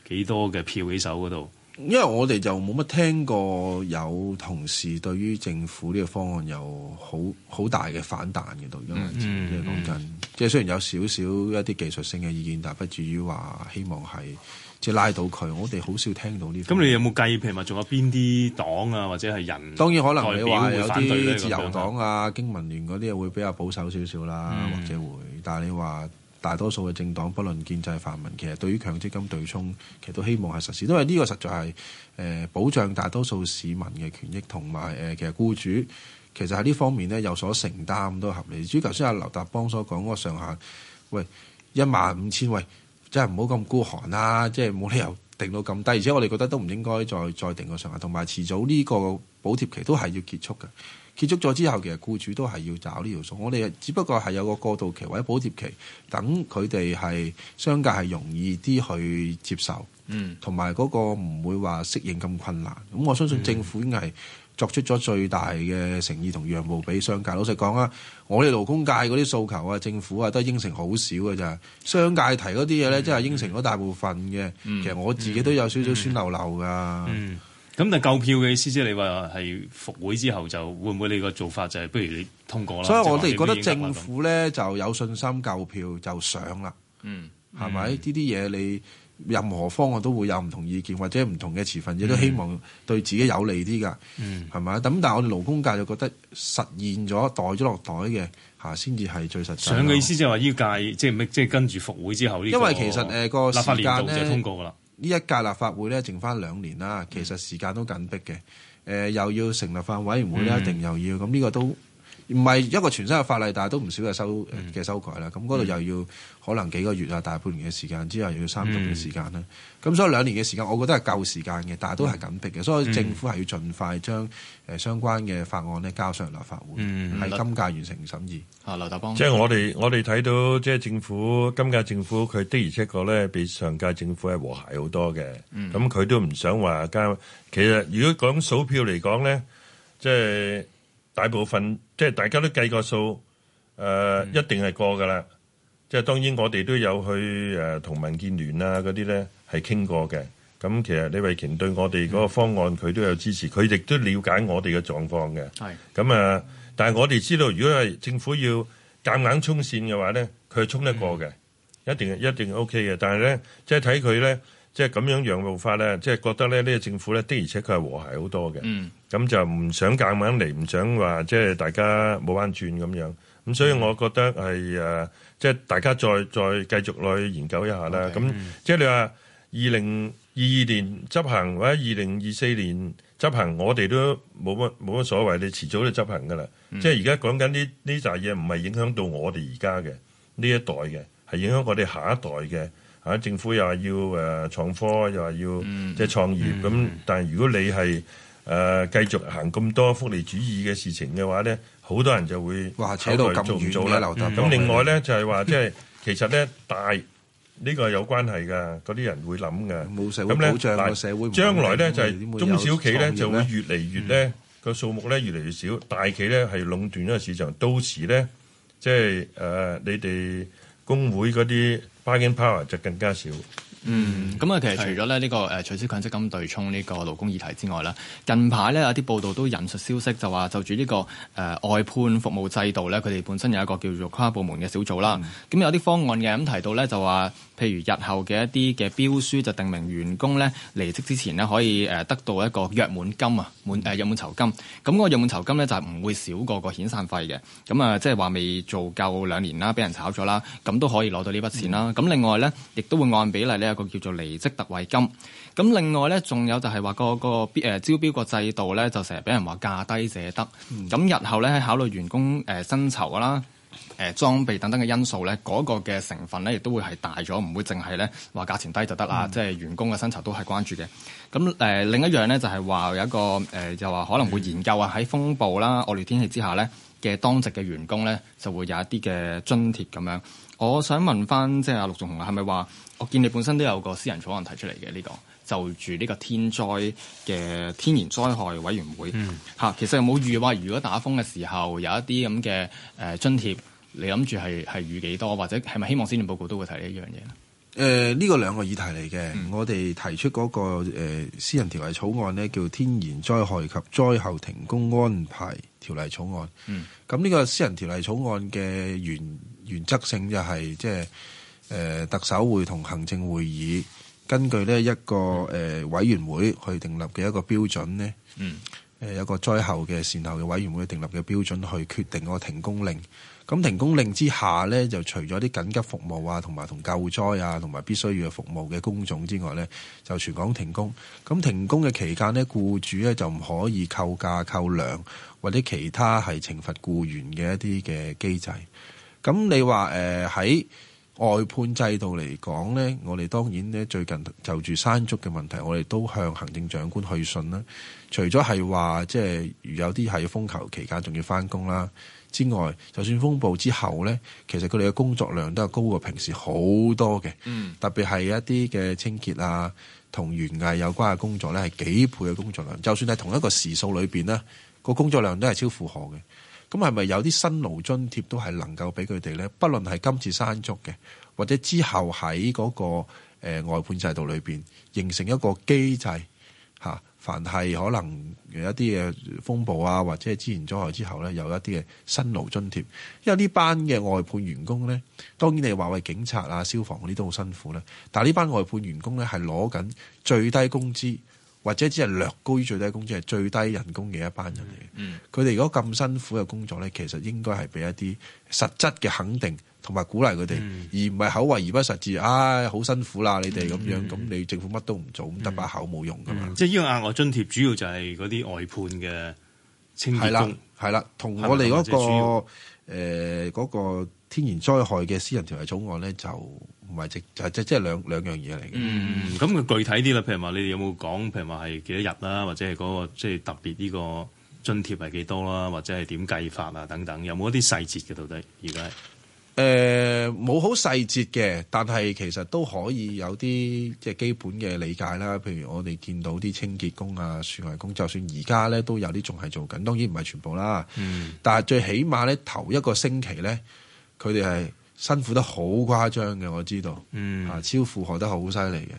幾多嘅票喺手嗰度？因為我哋就冇乜聽過有同事對於政府呢個方案有好好大嘅反彈嘅到，因為最近即係雖然有少少一啲技術性嘅意見，但係不至於話希望係即係拉到佢。我哋好少聽到呢、呢個。咁、嗯、你有冇計平譬如話，仲有邊啲黨啊，或者係人？當然可能你話有啲自由黨啊、經民聯嗰啲，會比較保守少少啦，或者會。嗯、但係你話。大多數嘅政黨，不論建制泛民，其實對於強積金對沖，其實都希望係實施，因為呢個實在係誒保障大多數市民嘅權益，同埋誒其實僱主其實喺呢方面咧有所承擔都合理。至於頭先阿劉達邦所講嗰個上限，喂一萬五千，喂，真係唔好咁孤寒啦，即係冇理由定到咁低，而且我哋覺得都唔應該再再定個上限，同埋遲早呢個補貼期都係要結束嘅。結束咗之後，其實僱主都係要找呢條數。我哋只不過係有個過渡期或者補貼期，等佢哋係商界係容易啲去接受，同埋嗰個唔會話適應咁困難。咁我相信政府應該係作出咗最大嘅誠意同讓步俾商界。老實講啊，我哋勞工界嗰啲訴求啊，政府啊都應承好少嘅啫。商界提嗰啲嘢咧，真係應承咗大部分嘅。嗯、其實我自己都有少少酸溜溜㗎。嗯嗯嗯嗯咁但夠票嘅意思即係你話係復會之後就會唔會你個做法就係不如你通過啦。所以我哋覺得政府咧就有信心夠票就上啦。嗯，係咪呢啲嘢你任何方案都會有唔同意見，或者唔同嘅持份者都希望對自己有利啲㗎。嗯，係咪？咁但係我哋勞工界就覺得實現咗袋咗落袋嘅先至係最實際。上嘅意思即係話依屆即係即係跟住復會之後呢個立法年度就通過㗎啦。呢一屆立法會咧，剩翻兩年啦，其實時間都緊迫嘅。誒、呃，又要成立法委員會咧，一定又要咁呢、嗯、個都。唔係一個全新嘅法例，但係都唔少嘅修嘅修改啦。咁嗰度又要可能幾個月啊，大半年嘅時間之後，又要三個月嘅時間啦。咁、嗯、所以兩年嘅時間，我覺得係夠時間嘅，但係都係緊迫嘅。所以政府係要盡快將誒相關嘅法案呢交上立法會，喺、嗯、今屆完成審議。吓，劉達邦，即係我哋我哋睇到，即、就、係、是、政府今屆政府佢的而且確咧，比上屆政府係和諧好多嘅。咁佢、嗯、都唔想話交。其實如果講數票嚟講咧，即、就、係、是。大部分即係大家都計過數，誒一定係過噶啦。即係當然，我哋都有去誒同民建聯啊嗰啲咧係傾過嘅。咁其實李慧瓊對我哋嗰個方案佢都有支持，佢亦都瞭解我哋嘅狀況嘅。係咁啊，但係我哋知道，如果係政府要夾硬衝線嘅話咧，佢係衝得過嘅，一定一定係 OK 嘅。但係咧，即係睇佢咧。即係咁樣讓步法咧，即係覺得咧呢個政府咧的而且確係和諧好多嘅。嗯，咁就唔想夾硬嚟，唔想話即係大家冇返轉咁樣。咁所以我覺得係誒，即係大家再再繼續去研究一下啦。咁即係你話二零二二年執行或者二零二四年執行，我哋都冇乜冇乜所謂。你遲早都執行㗎啦。嗯、即係而家講緊呢呢扎嘢，唔係影響到我哋而家嘅呢一代嘅，係影響我哋下一代嘅。嚇！政府又話要誒創科，又話要即係創業咁。但如果你係誒繼續行咁多福利主義嘅事情嘅話咧，好多人就會哇扯到咁遠啦，做唔做啦。咁另外咧就係話即係其實咧大呢個有關係㗎。嗰啲人會諗嘅。冇社會保障嘅社會，將來咧就係中小企咧就會越嚟越咧個數目咧越嚟越少，大企咧係壟斷咗個市場。到時咧即係誒你哋工會嗰啲。bargaining power，就更加少。嗯，咁啊，其實除咗咧呢個誒取消強積金對沖呢個勞工議題之外啦，近排咧有啲報道都引述消息，就話就住呢、呢個誒、呃、外判服務制度咧，佢哋本身有一個叫做跨部門嘅小組啦。咁、嗯、有啲方案嘅咁提到咧，就話。譬如日後嘅一啲嘅標書就定明員工咧離職之前咧可以誒得到一個約滿金啊，滿誒約滿酬金。咁、個約滿酬金咧就係唔會少過個遣散費嘅。咁啊，即係話未做夠兩年啦，俾人炒咗啦，咁都可以攞到呢筆錢啦。咁的另外咧，亦都會按比例咧有個叫做離職特惠金。咁另外咧，仲有就係話、個、個誒招標個制度咧，就成日俾人話價低者得。咁、嗯、日後咧考慮員工誒、呃、薪酬啦。誒、呃、裝備等等嘅因素咧，嗰、那個嘅成分咧，亦都會係大咗，唔會淨係咧話價錢低就得啦。嗯、即係員工嘅薪酬都係關注嘅。咁、呃、另一樣咧，就係、是、話有一個誒、呃，就話可能會研究啊，喺風暴啦、嗯、惡劣天氣之下咧嘅當值嘅員工咧，就會有一啲嘅津貼咁樣。我想問翻即係阿陸頌雄，係咪話我見你本身都有個私人草案提出嚟嘅呢個？就住呢個天災嘅天然災害委員會嚇，嗯、其實有冇預話？如果打風嘅時候有一啲咁嘅誒津貼，你諗住係係預幾多？或者係咪希望施政報告都會提呢一樣嘢咧？誒、呃，呢、呢個兩個議題嚟嘅，嗯、我哋提出嗰個私人條例草案呢叫《天然災害及災後停工安排條例草案》嗯。咁呢個私人條例草案嘅原原則性就係即係誒特首會同行政會議。根據呢一個委員會去訂立嘅一個標準呢誒、嗯、一個災後嘅善後嘅委員會訂立嘅標準去決定個停工令。咁停工令之下呢，就除咗啲緊急服務啊，同埋同救災啊，同埋必須要服務嘅工種之外呢，就全港停工。咁停工嘅期間呢，僱主咧就唔可以扣價扣糧或者其他係懲罰僱員嘅一啲嘅機制。咁你話誒喺？呃外判制度嚟講呢，我哋當然呢，最近就住山竹嘅問題，我哋都向行政長官去信啦。除咗係話即係如有啲係要風球期間仲要返工啦之外，就算風暴之後呢其實佢哋嘅工作量都係高過平時好多嘅。嗯，特別係一啲嘅清潔啊同園藝有關嘅工作呢係幾倍嘅工作量。就算係同一個時數裏面，呢個工作量都係超負荷嘅。咁係咪有啲辛勞津貼都係能夠俾佢哋呢？不論係今次山竹嘅，或者之後喺嗰個、呃、外判制度裏面形成一個機制、啊、凡係可能有一啲嘅風暴啊，或者係自然災害之後呢，有一啲嘅辛勞津貼。因為呢班嘅外判員工呢，當然你話為警察啊、消防嗰啲都好辛苦啦，但係呢班外判員工呢，係攞緊最低工資。或者只係略高於最低工資，係最低人工嘅一班人嚟嘅。佢哋、嗯、如果咁辛苦嘅工作咧，其實應該係俾一啲實質嘅肯定同埋鼓勵佢哋，嗯、而唔係口惠而不實字。唉、哎，好辛苦啦，你哋咁樣，咁你政府乜都唔做，咁得把口冇用㗎嘛。即係呢個額外津貼，主要就係嗰啲外判嘅清潔工係啦，係啦，同我哋嗰、嗰個誒、呃嗰個、天然災害嘅私人條例草案咧就。唔係，即係即係兩兩樣嘢嚟嘅。嗯，咁佢具體啲啦，譬如話你哋有冇講？譬如話係幾多日啦、啊，或者係嗰、嗰個即係特別呢個津貼係幾多啦、啊，或者係點計法啊等等，有冇一啲細節嘅？到底而家？誒、呃，冇好細節嘅，但係其實都可以有啲即係基本嘅理解啦。譬如我哋見到啲清潔工啊、樹藝工，就算而家咧都有啲仲係做緊，當然唔係全部啦。嗯、但係最起碼咧，頭一個星期咧，佢哋係。辛苦得好誇張嘅，我知道，嗯、啊超負荷得好犀利嘅。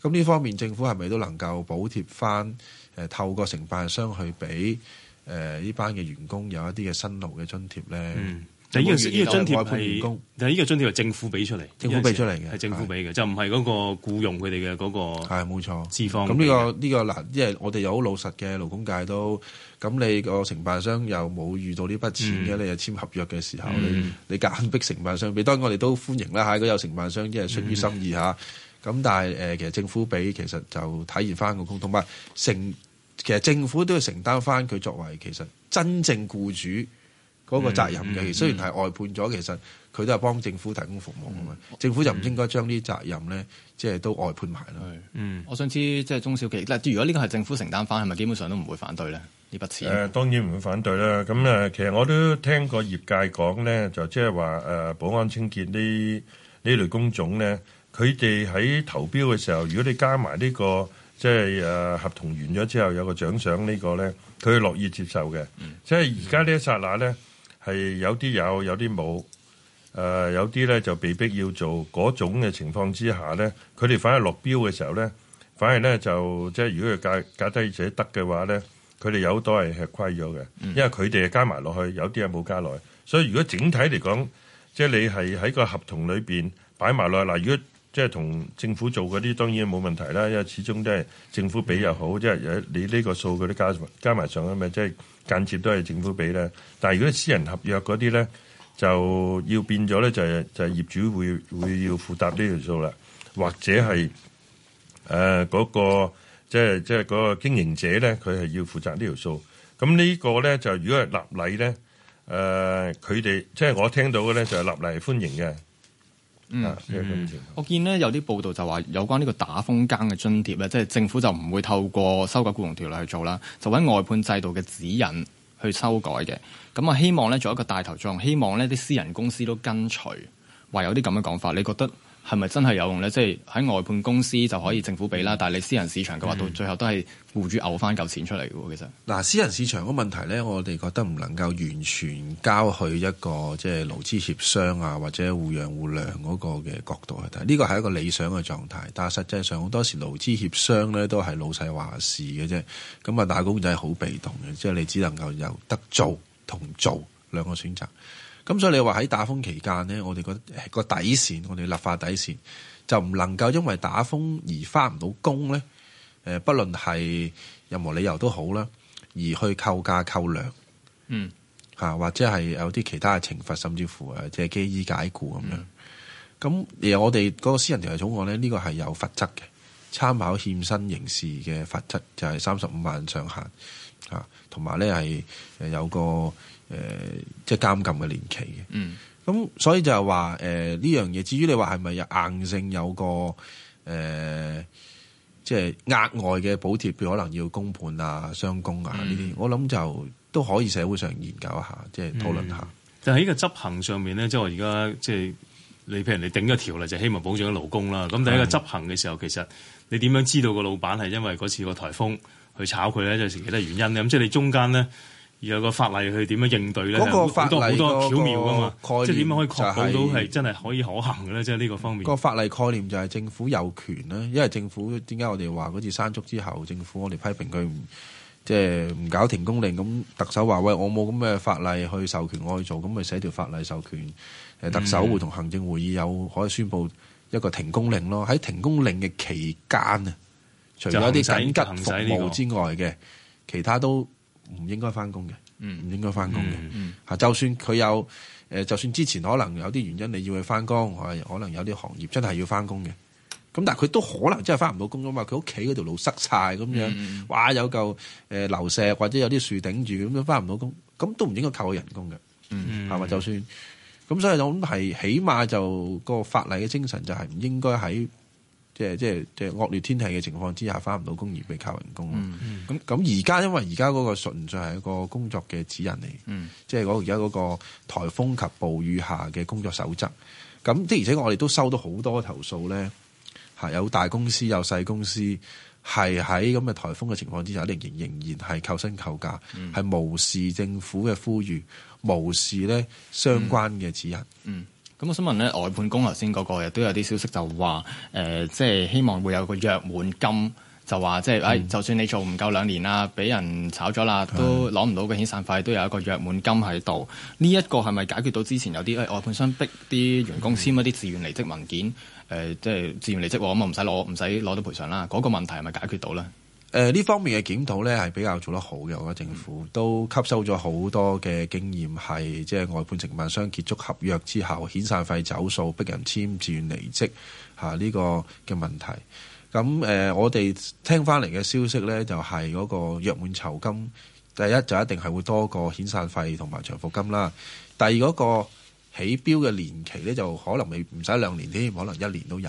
咁呢、嗯、方面，政府係咪都能夠補貼翻、呃？透過承辦商去俾呢、呃、班嘅員工有一啲嘅辛勞嘅津貼咧？嗯就呢、這個呢個津貼係，員工但係呢個津貼係政府俾出嚟，政府俾出嚟嘅，係政府俾嘅，是就唔係嗰個僱用佢哋嘅嗰個係冇錯。資方咁呢個呢、這個嗱，因為我哋又好老實嘅勞工界都，咁你個承辦商又冇遇到呢筆錢嘅，嗯、你又簽合約嘅時候，嗯、你你夾硬逼承辦商俾，當然我哋都歡迎啦嚇，佢、那、有、個、承辦商即係出於心意嚇。咁、嗯、但係誒，其實政府俾其實就體現翻個工，同埋承其實政府都要承擔翻佢作為其實真正雇主。嗰個責任嘅，嗯嗯、雖然係外判咗，其實佢都係幫政府提供服務啊嘛。嗯、政府就唔應該將啲責任咧，即係、嗯、都外判埋啦嗯，我想知即係、就是、中小企，嗱，如果呢個係政府承擔翻，係咪基本上都唔會反對咧呢筆錢？誒、呃，當然唔會反對啦。咁誒，其實我都聽過業界講咧，就即係話誒保安清潔呢呢類工種咧，佢哋喺投標嘅時候，如果你加埋呢、呢個即係、就是呃、合同完咗之後有個獎賞個呢個咧，佢係樂意接受嘅。嗯、即係而家呢一剎那咧。係有啲有，有啲冇，誒、呃、有啲咧就被逼要做嗰種嘅情況之下咧，佢哋反而落標嘅時候咧，反而咧就即係如果佢價低者得嘅話咧，佢哋有好多係吃虧咗嘅，因為佢哋係加埋落去，有啲係冇加落去，所以如果整體嚟講，即係你係喺個合同裏面擺埋落去，嗱、呃、如果。即係同政府做嗰啲，當然冇問題啦，因為始終都係政府俾又好，嗯、即係有你呢個數嗰啲加加埋上啊嘛，即係間接都係政府俾咧。但係如果私人合約嗰啲咧，就要變咗咧、就係，就係業主會會要負擔呢條數啦，或者係誒嗰個即係即係嗰個經營者咧，佢係要負責呢條數。咁呢個咧就如果係立例咧，誒佢哋即係我聽到嘅咧就係立例歡迎嘅。嗯，嗯，我見呢，有啲報道就話有關呢個打風更嘅津貼咧，即係政府就唔會透過修改僱傭條例去做啦，就喺外判制度嘅指引去修改嘅。咁啊，希望咧做一個帶頭作用，希望呢啲私人公司都跟隨，話有啲咁嘅講法，你覺得？係咪真係有用咧？即係喺外判公司就可以政府俾啦，但係你私人市場嘅話，嗯、到最後都係戶主嘔翻嚿錢出嚟喎。其實，嗱、嗯、私人市場個問題咧，我哋覺得唔能夠完全交去一個即係勞資協商啊，或者互諒互讓嗰個嘅角度去睇。呢個係一個理想嘅狀態，但係實際上好多時勞資協商咧都係老細話事嘅啫。咁啊，打工仔好被動嘅，即係你只能夠有得做同做兩個選擇。咁所以你話喺打風期間咧，我哋個個底線，我哋立法底線就唔能夠因為打風而翻唔到工咧。誒，不論係任何理由都好啦，而去扣價扣糧，嗯嚇，或者係有啲其他嘅懲罰，甚至乎即借機以解僱咁樣。咁、嗯、而我哋嗰個私人條例草案咧，呢、呢個係有罰則嘅，參考欠薪刑事嘅罰則就係三十五萬上限嚇，同埋咧係有個。誒，即係、呃就是、監禁嘅年期嘅。嗯，咁所以就係話誒呢樣嘢，至於你話係咪有硬性有個誒，即、呃、係、就是、額外嘅補貼，譬如可能要公判啊、雙工啊呢啲、嗯，我諗就都可以社會上研究一下，即、就、係、是、討論一下。嗯、但喺個執行上面咧，即係我而家即係你譬如你定咗條啦，就是、希望保障啲勞工啦。咁但第一，一個執行嘅時候，嗯、其實你點樣知道個老闆係因為嗰次個颱風去炒佢咧，就係、是、其他原因咧？咁即係你中間咧。而有個法例去點樣應對咧？好多好多巧妙噶嘛，概即係點樣可以確保到、就、係、是就是、真係可以可行嘅咧？即係呢個方面個法例概念就係政府有權啦。因為政府點解我哋話嗰次山竹之後，政府我哋批評佢唔即係唔搞停工令，咁特首話喂，我冇咁嘅法例去授權我去做，咁咪寫條法例授權誒特首會同行政會議有可以宣布一個停工令咯。喺停工令嘅期間啊，除咗啲緊急服務之外嘅其他都。唔應該翻工嘅，唔應該翻工嘅就算佢有就算之前可能有啲原因你要去翻工，可能有啲行業真係要翻工嘅。咁但係佢都可能真係翻唔到工啊嘛。佢屋企嗰條路塞晒咁樣，嗯、哇有嚿流石或者有啲樹頂住咁樣翻唔到工，咁都唔應該扣佢人工嘅，係咪、嗯？就算咁，所以我諗係起碼就、就個法例嘅精神就係唔應該喺。即係即係即係惡劣天氣嘅情況之下，翻唔到工而被扣人工。咁咁而家因為而家嗰個純粹係一個工作嘅指引嚟，即係而家嗰個颱風及暴雨下嘅工作守則。咁即而且我哋都收到好多投訴咧，有大公司有細公司係喺咁嘅颱風嘅情況之下，一定仍仍然係扣薪扣假，係、嗯、無視政府嘅呼籲，無視咧相關嘅指引。嗯嗯。咁我想問咧，外判工頭先嗰個亦都有啲消息就，就、呃、話即係希望會有個約滿金，就話即係誒、嗯哎，就算你做唔夠兩年啦，俾人炒咗啦，都攞唔到嘅遣散費，都有一個約滿金喺度。呢、這、一個係咪解決到之前有啲、呃、外判商逼啲員工簽一啲自願離職文件？嗯呃、即係自願離職咁啊，唔使攞，唔使攞到賠償啦。嗰、那個問題係咪解決到咧？誒呢、呃、方面嘅檢討呢係比較做得好嘅。我覺得政府、嗯、都吸收咗好多嘅經驗，係即係外判承包商結束合約之後，遣散費走數逼人簽，自願離職嚇呢、啊這個嘅問題。咁、啊、誒、呃，我哋聽翻嚟嘅消息呢，就係、是、嗰個約滿酬金，第一就一定係會多過遣散費同埋長服金啦。第二嗰、那個起標嘅年期呢，就可能未唔使兩年添，可能一年都有。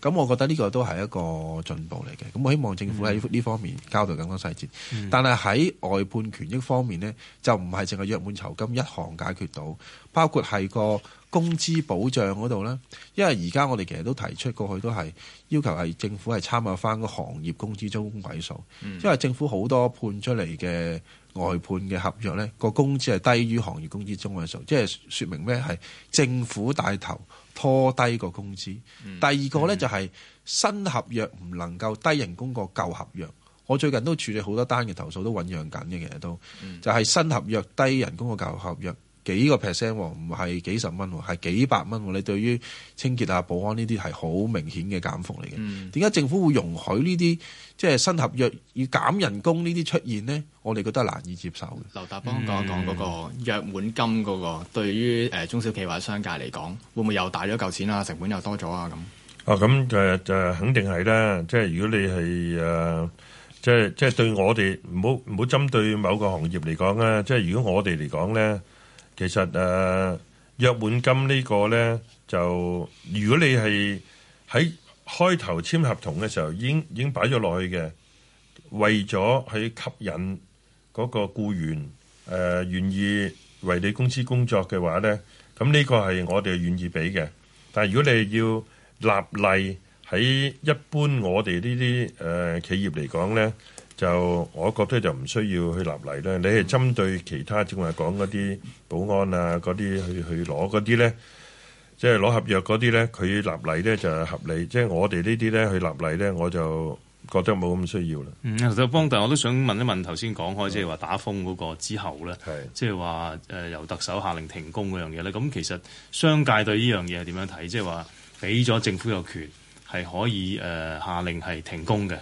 咁、嗯、我覺得呢個都係一個進步嚟嘅，咁我希望政府喺呢方面交代更多細節。嗯、但係喺外判權益方面呢，就唔係淨係約滿酬金一行解決到，包括係個工資保障嗰度呢，因為而家我哋其實都提出過去都係要求係政府係參考翻個行業工資中位數，嗯、因為政府好多判出嚟嘅外判嘅合約呢，個工資係低於行業工資中位數，即係說明咩係政府帶頭。拖低個工資，嗯、第二個、就、呢、是，就係、嗯、新合約唔能夠低人工過舊合約。我最近都處理好多單嘅投訴，都醞釀緊嘅，其實都就係新合約低人工過舊合約。幾個 percent 唔係幾十蚊，係幾百蚊。你對於清潔啊、保安呢啲係好明顯嘅減幅嚟嘅。點解、嗯、政府會容許呢啲即係新合約要減人工呢啲出現呢，我哋覺得難以接受嘅。劉達邦講一講嗰、嗯、個約滿金嗰個，對於中小企或者商界嚟講，會唔會又大咗嚿錢啊？成本又多咗啊？咁啊，咁誒誒，肯定係啦。即係如果你係誒，即係即係對我哋唔好唔好針對某個行業嚟講咧。即係如果我哋嚟講咧。其實誒、啊、約滿金呢個呢，就如果你係喺開頭簽合同嘅時候，已經已經擺咗落去嘅，為咗去吸引嗰個僱員誒、呃、願意為你公司工作嘅話呢，咁呢個係我哋願意俾嘅。但係如果你要立例喺一般我哋呢啲誒企業嚟講呢。就我覺得就唔需要去立例啦。你係針對其他，即係講嗰啲保安啊、嗰啲去去攞嗰啲咧，即係攞合約嗰啲咧，佢立例咧就合理。即係我哋呢啲咧去立例咧，我就覺得冇咁需要啦。嗯，其實邦達，我都想問一問頭先講開，即係話打風嗰個之後咧，即係話誒由特首下令停工嗰樣嘢咧。咁其實商界對呢樣嘢係點樣睇？即係話俾咗政府有權係可以誒、呃、下令係停工嘅。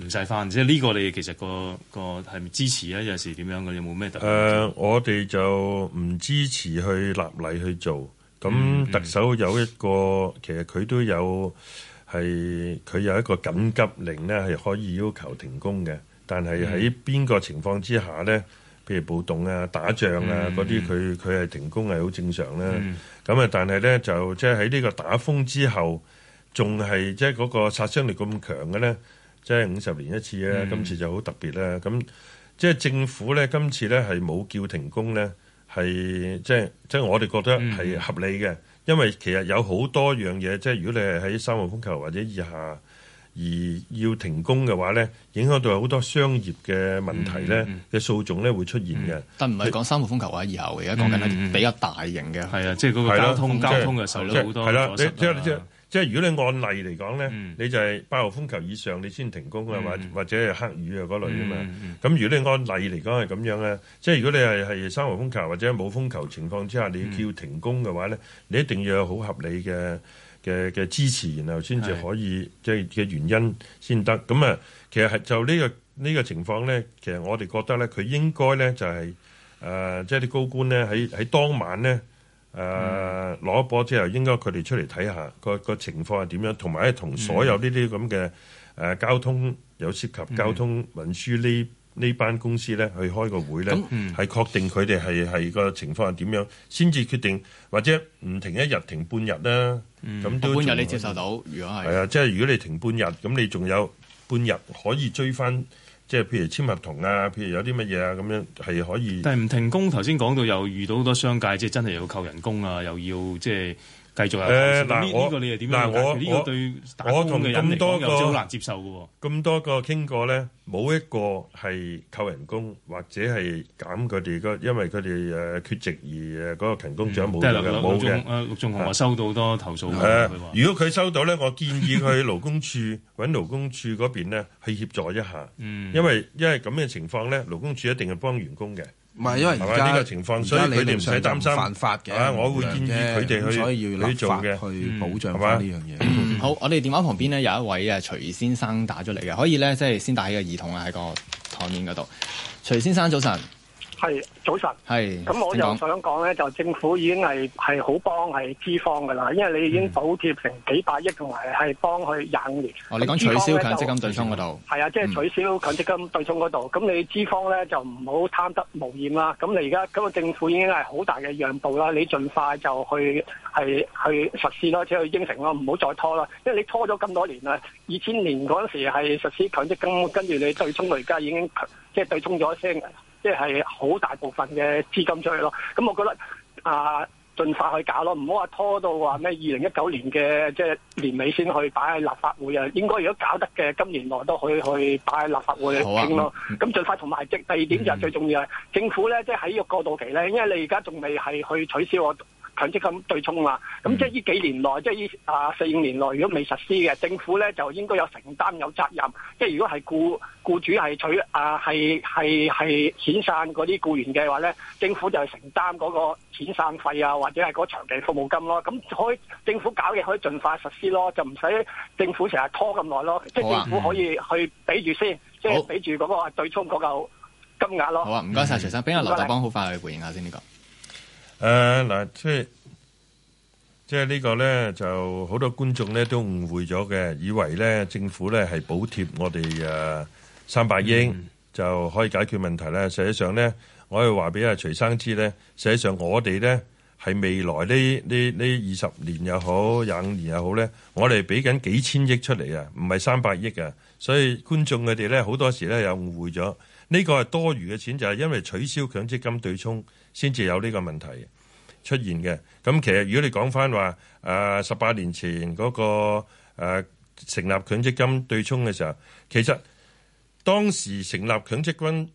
唔使翻，即係呢個你其實個個係唔支持啊？有時點樣嘅？有冇咩特別、呃、我哋就唔支持去立例去做咁。特首有一個，嗯嗯、其實佢都有係佢有一個緊急令呢，係可以要求停工嘅。但係喺邊個情況之下呢？譬如暴動啊、打仗啊嗰啲，佢佢係停工係好正常啦。咁啊、嗯，但係呢，就即係喺呢個打風之後，仲係即係嗰個殺傷力咁強嘅呢。即係五十年一次啊、嗯！今次就好特別啦。咁即係政府咧，今次咧係冇叫停工咧，係即係即係我哋覺得係合理嘅。嗯、因為其實有好多樣嘢，即係如果你係喺三號風球或者以下而要停工嘅話咧，影響到好多商業嘅問題咧嘅、嗯嗯、訴訟咧會出現嘅。但唔係講三號風球或者以下，而家講緊係比較大型嘅。係啊、嗯，即係嗰個交通的交通又受咗好多阻塞啦。就係就係即係如果你按例嚟講咧，嗯、你就係八號風球以上你先停工啊，或、嗯、或者係黑雨啊嗰類啊嘛。咁、嗯、如果你按例嚟講係咁樣咧，嗯、即係如果你係三號風球或者冇風球情況之下，你要叫停工嘅話咧，嗯、你一定要有好合理嘅嘅嘅支持，然後先至可以是即係嘅原因先得。咁啊，其實就呢、呢個呢、呢個、情況咧，其實我哋覺得咧、就係，佢應該咧就係誒，即係啲高官咧喺喺當晚咧。誒攞，嗯啊、一波之後，應該佢哋出嚟睇下個個情況係點樣，同埋咧同所有呢啲咁嘅誒交通有涉及交通運輸呢呢班公司咧去開個會咧，係、嗯、確定佢哋係係個情況係點樣，先至決定或者唔停一日停半日啦，啊。咁都、嗯、半日你接受到，如果係係啊，即係如果你停半日，咁你仲有半日可以追翻。即係譬如簽合同啊，譬如有啲乜嘢啊咁樣係可以。但係唔停工，頭先講到又遇到好多商界，即係真係又要扣人工啊，又要即係。繼續啊！誒嗱，呢個你又點樣睇？我呢個對打工嘅人嚟講，有啲好難接受嘅喎。咁多個傾過咧，冇一個係扣人工或者係減佢哋個，因為佢哋誒缺席而誒嗰個勤工獎冇嘅。冇嘅。誒陸頌雄話收到多投訴嘅。如果佢收到咧，我建議佢勞工處，揾勞工處嗰邊咧去協助一下。嗯，因為因為咁嘅情況咧，勞工處一定係幫員工嘅。唔係，因為而家呢個情況，所以你哋唔使擔心犯法嘅。我會建議佢哋去所以要立法去做，嗯、保障翻呢吧樣嘢，嗯。好，我哋電話旁邊咧有一位啊徐先生打咗嚟嘅，可以咧即係先戴起個耳筒啊，喺個台面嗰度。徐先生早晨。係早晨，係咁是我就想講咧，說就政府已經係係好幫係資方噶啦，因為你已經補貼成幾百億，同埋係幫佢廿五年。哦，你講取消強積金對沖嗰度，係、嗯、啊，即、就、係、是、取消強積金對沖嗰度。咁你資方咧就唔好貪得無厭啦。咁你而家咁啊，那個、政府已經係好大嘅讓步啦。你盡快就去係去實施啦，即、就、係、是、去應承咯，唔好再拖啦。因為你拖咗咁多年啦，二千年嗰時係實施強積金，跟住你對沖，而家已經即係、就是、對沖咗一聲。即係好大部分嘅資金出去咯，咁我覺得啊，盡快去搞咯，唔好話拖到話咩二零一九年嘅即係年尾先去擺喺立法會啊。應該如果搞得嘅，今年內都可以去擺喺立法會傾咯。咁、啊、盡快同埋即第二點就係最重要嘅，嗯、政府咧即係喺呢個過渡期咧，因為你而家仲未係去取消我強積金對沖嘛，咁即係呢幾年內，即係呢啊四五年內，如果未實施嘅政府咧，就應該有承擔有責任。即係如果係僱雇，雇主係取啊，係係係遣散嗰啲僱員嘅話咧，政府就係承擔嗰個遣散費啊，或者係嗰長期服務金咯。咁可以政府搞嘢可以盡快實施咯，就唔使政府成日拖咁耐咯。即係、啊、政府可以去俾住先，好即係俾住嗰個對沖嗰嚿金額咯。好啊，唔該晒。徐生，俾阿劉達邦好快去回應下先、這、呢個。誒嗱，即係即係呢個咧，就好、是就是、多觀眾咧都誤會咗嘅，以為咧政府咧係補貼我哋誒三百億、嗯、就可以解決問題咧。實際上咧，我可以話俾阿徐生知咧，實際上我哋咧係未來呢呢呢二十年又好，廿五年又好咧，我哋俾緊幾千億出嚟啊，唔係三百億啊。所以觀眾佢哋咧好多時咧又誤會咗，呢、這個係多餘嘅錢，就係、是、因為取消強積金對沖。先至有呢個問題出現嘅。咁其實如果你講翻話，誒十八年前嗰、那個、呃、成立強積金對沖嘅時候，其實當時成立強積金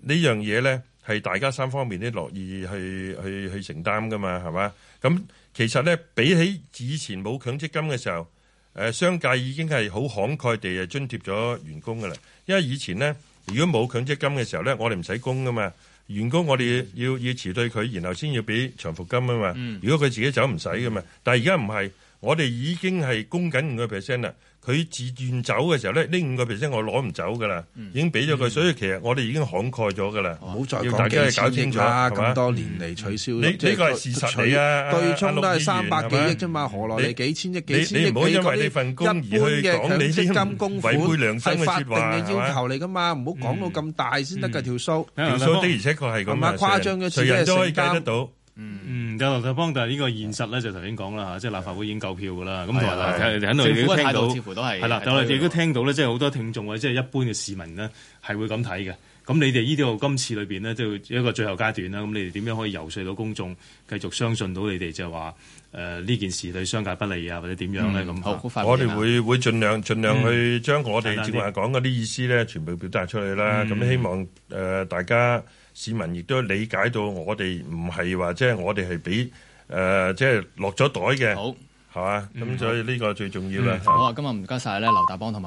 呢樣嘢咧，係大家三方面都樂意去去去承擔噶嘛，係嘛？咁其實咧，比起以前冇強積金嘅時候，誒、呃、商界已經係好慷慨地誒津貼咗員工噶啦。因為以前咧，如果冇強積金嘅時候咧，我哋唔使供噶嘛。員工我哋要要辭退佢，然後先要俾長服金啊嘛。嗯、如果佢自己走唔使噶嘛。嗯、但係而家唔係，我哋已經係供緊五個 percent 啦。佢自願走嘅時候咧，呢五個 percent 我攞唔走噶啦，已經俾咗佢，所以其實我哋已經慷慨咗噶啦。唔好再講，梗係搞清楚啦，咁多年嚟取消呢呢個係事實取啊！對沖都係三百幾億啫嘛，何來你幾千億、幾千億份工而去嘅強積金公款係法定嘅要求嚟㗎嘛？唔好講到咁大先得㗎條數，條數的而且確係咁誇張啊！誰人都可以計得到。嗯，但係劉達邦，但係呢個現實咧就頭先講啦嚇，即、就、係、是、立法會已經夠票㗎啦。咁同埋係，喺度亦都、嗯、聽到，似乎都係係啦，亦都聽到咧，即係好多聽眾或者即係一般嘅市民呢，係會咁睇嘅。咁你哋呢度今次裏邊呢，即係一個最後階段啦。咁你哋點樣可以遊說到公眾繼續相信到你哋，就係話誒呢件事對商界不利啊，或者點樣咧咁、嗯？好，樣好啊、我哋會會盡量盡量去將我哋正話講嗰啲意思咧，全部表達出嚟啦。咁、嗯、希望誒、呃、大家。市民亦都理解到我哋唔係話即係我哋係俾誒即係落咗袋嘅，好係嘛？咁所以呢、嗯、個最重要啦。嗯、是好啊，今日唔該晒咧，劉達邦同埋。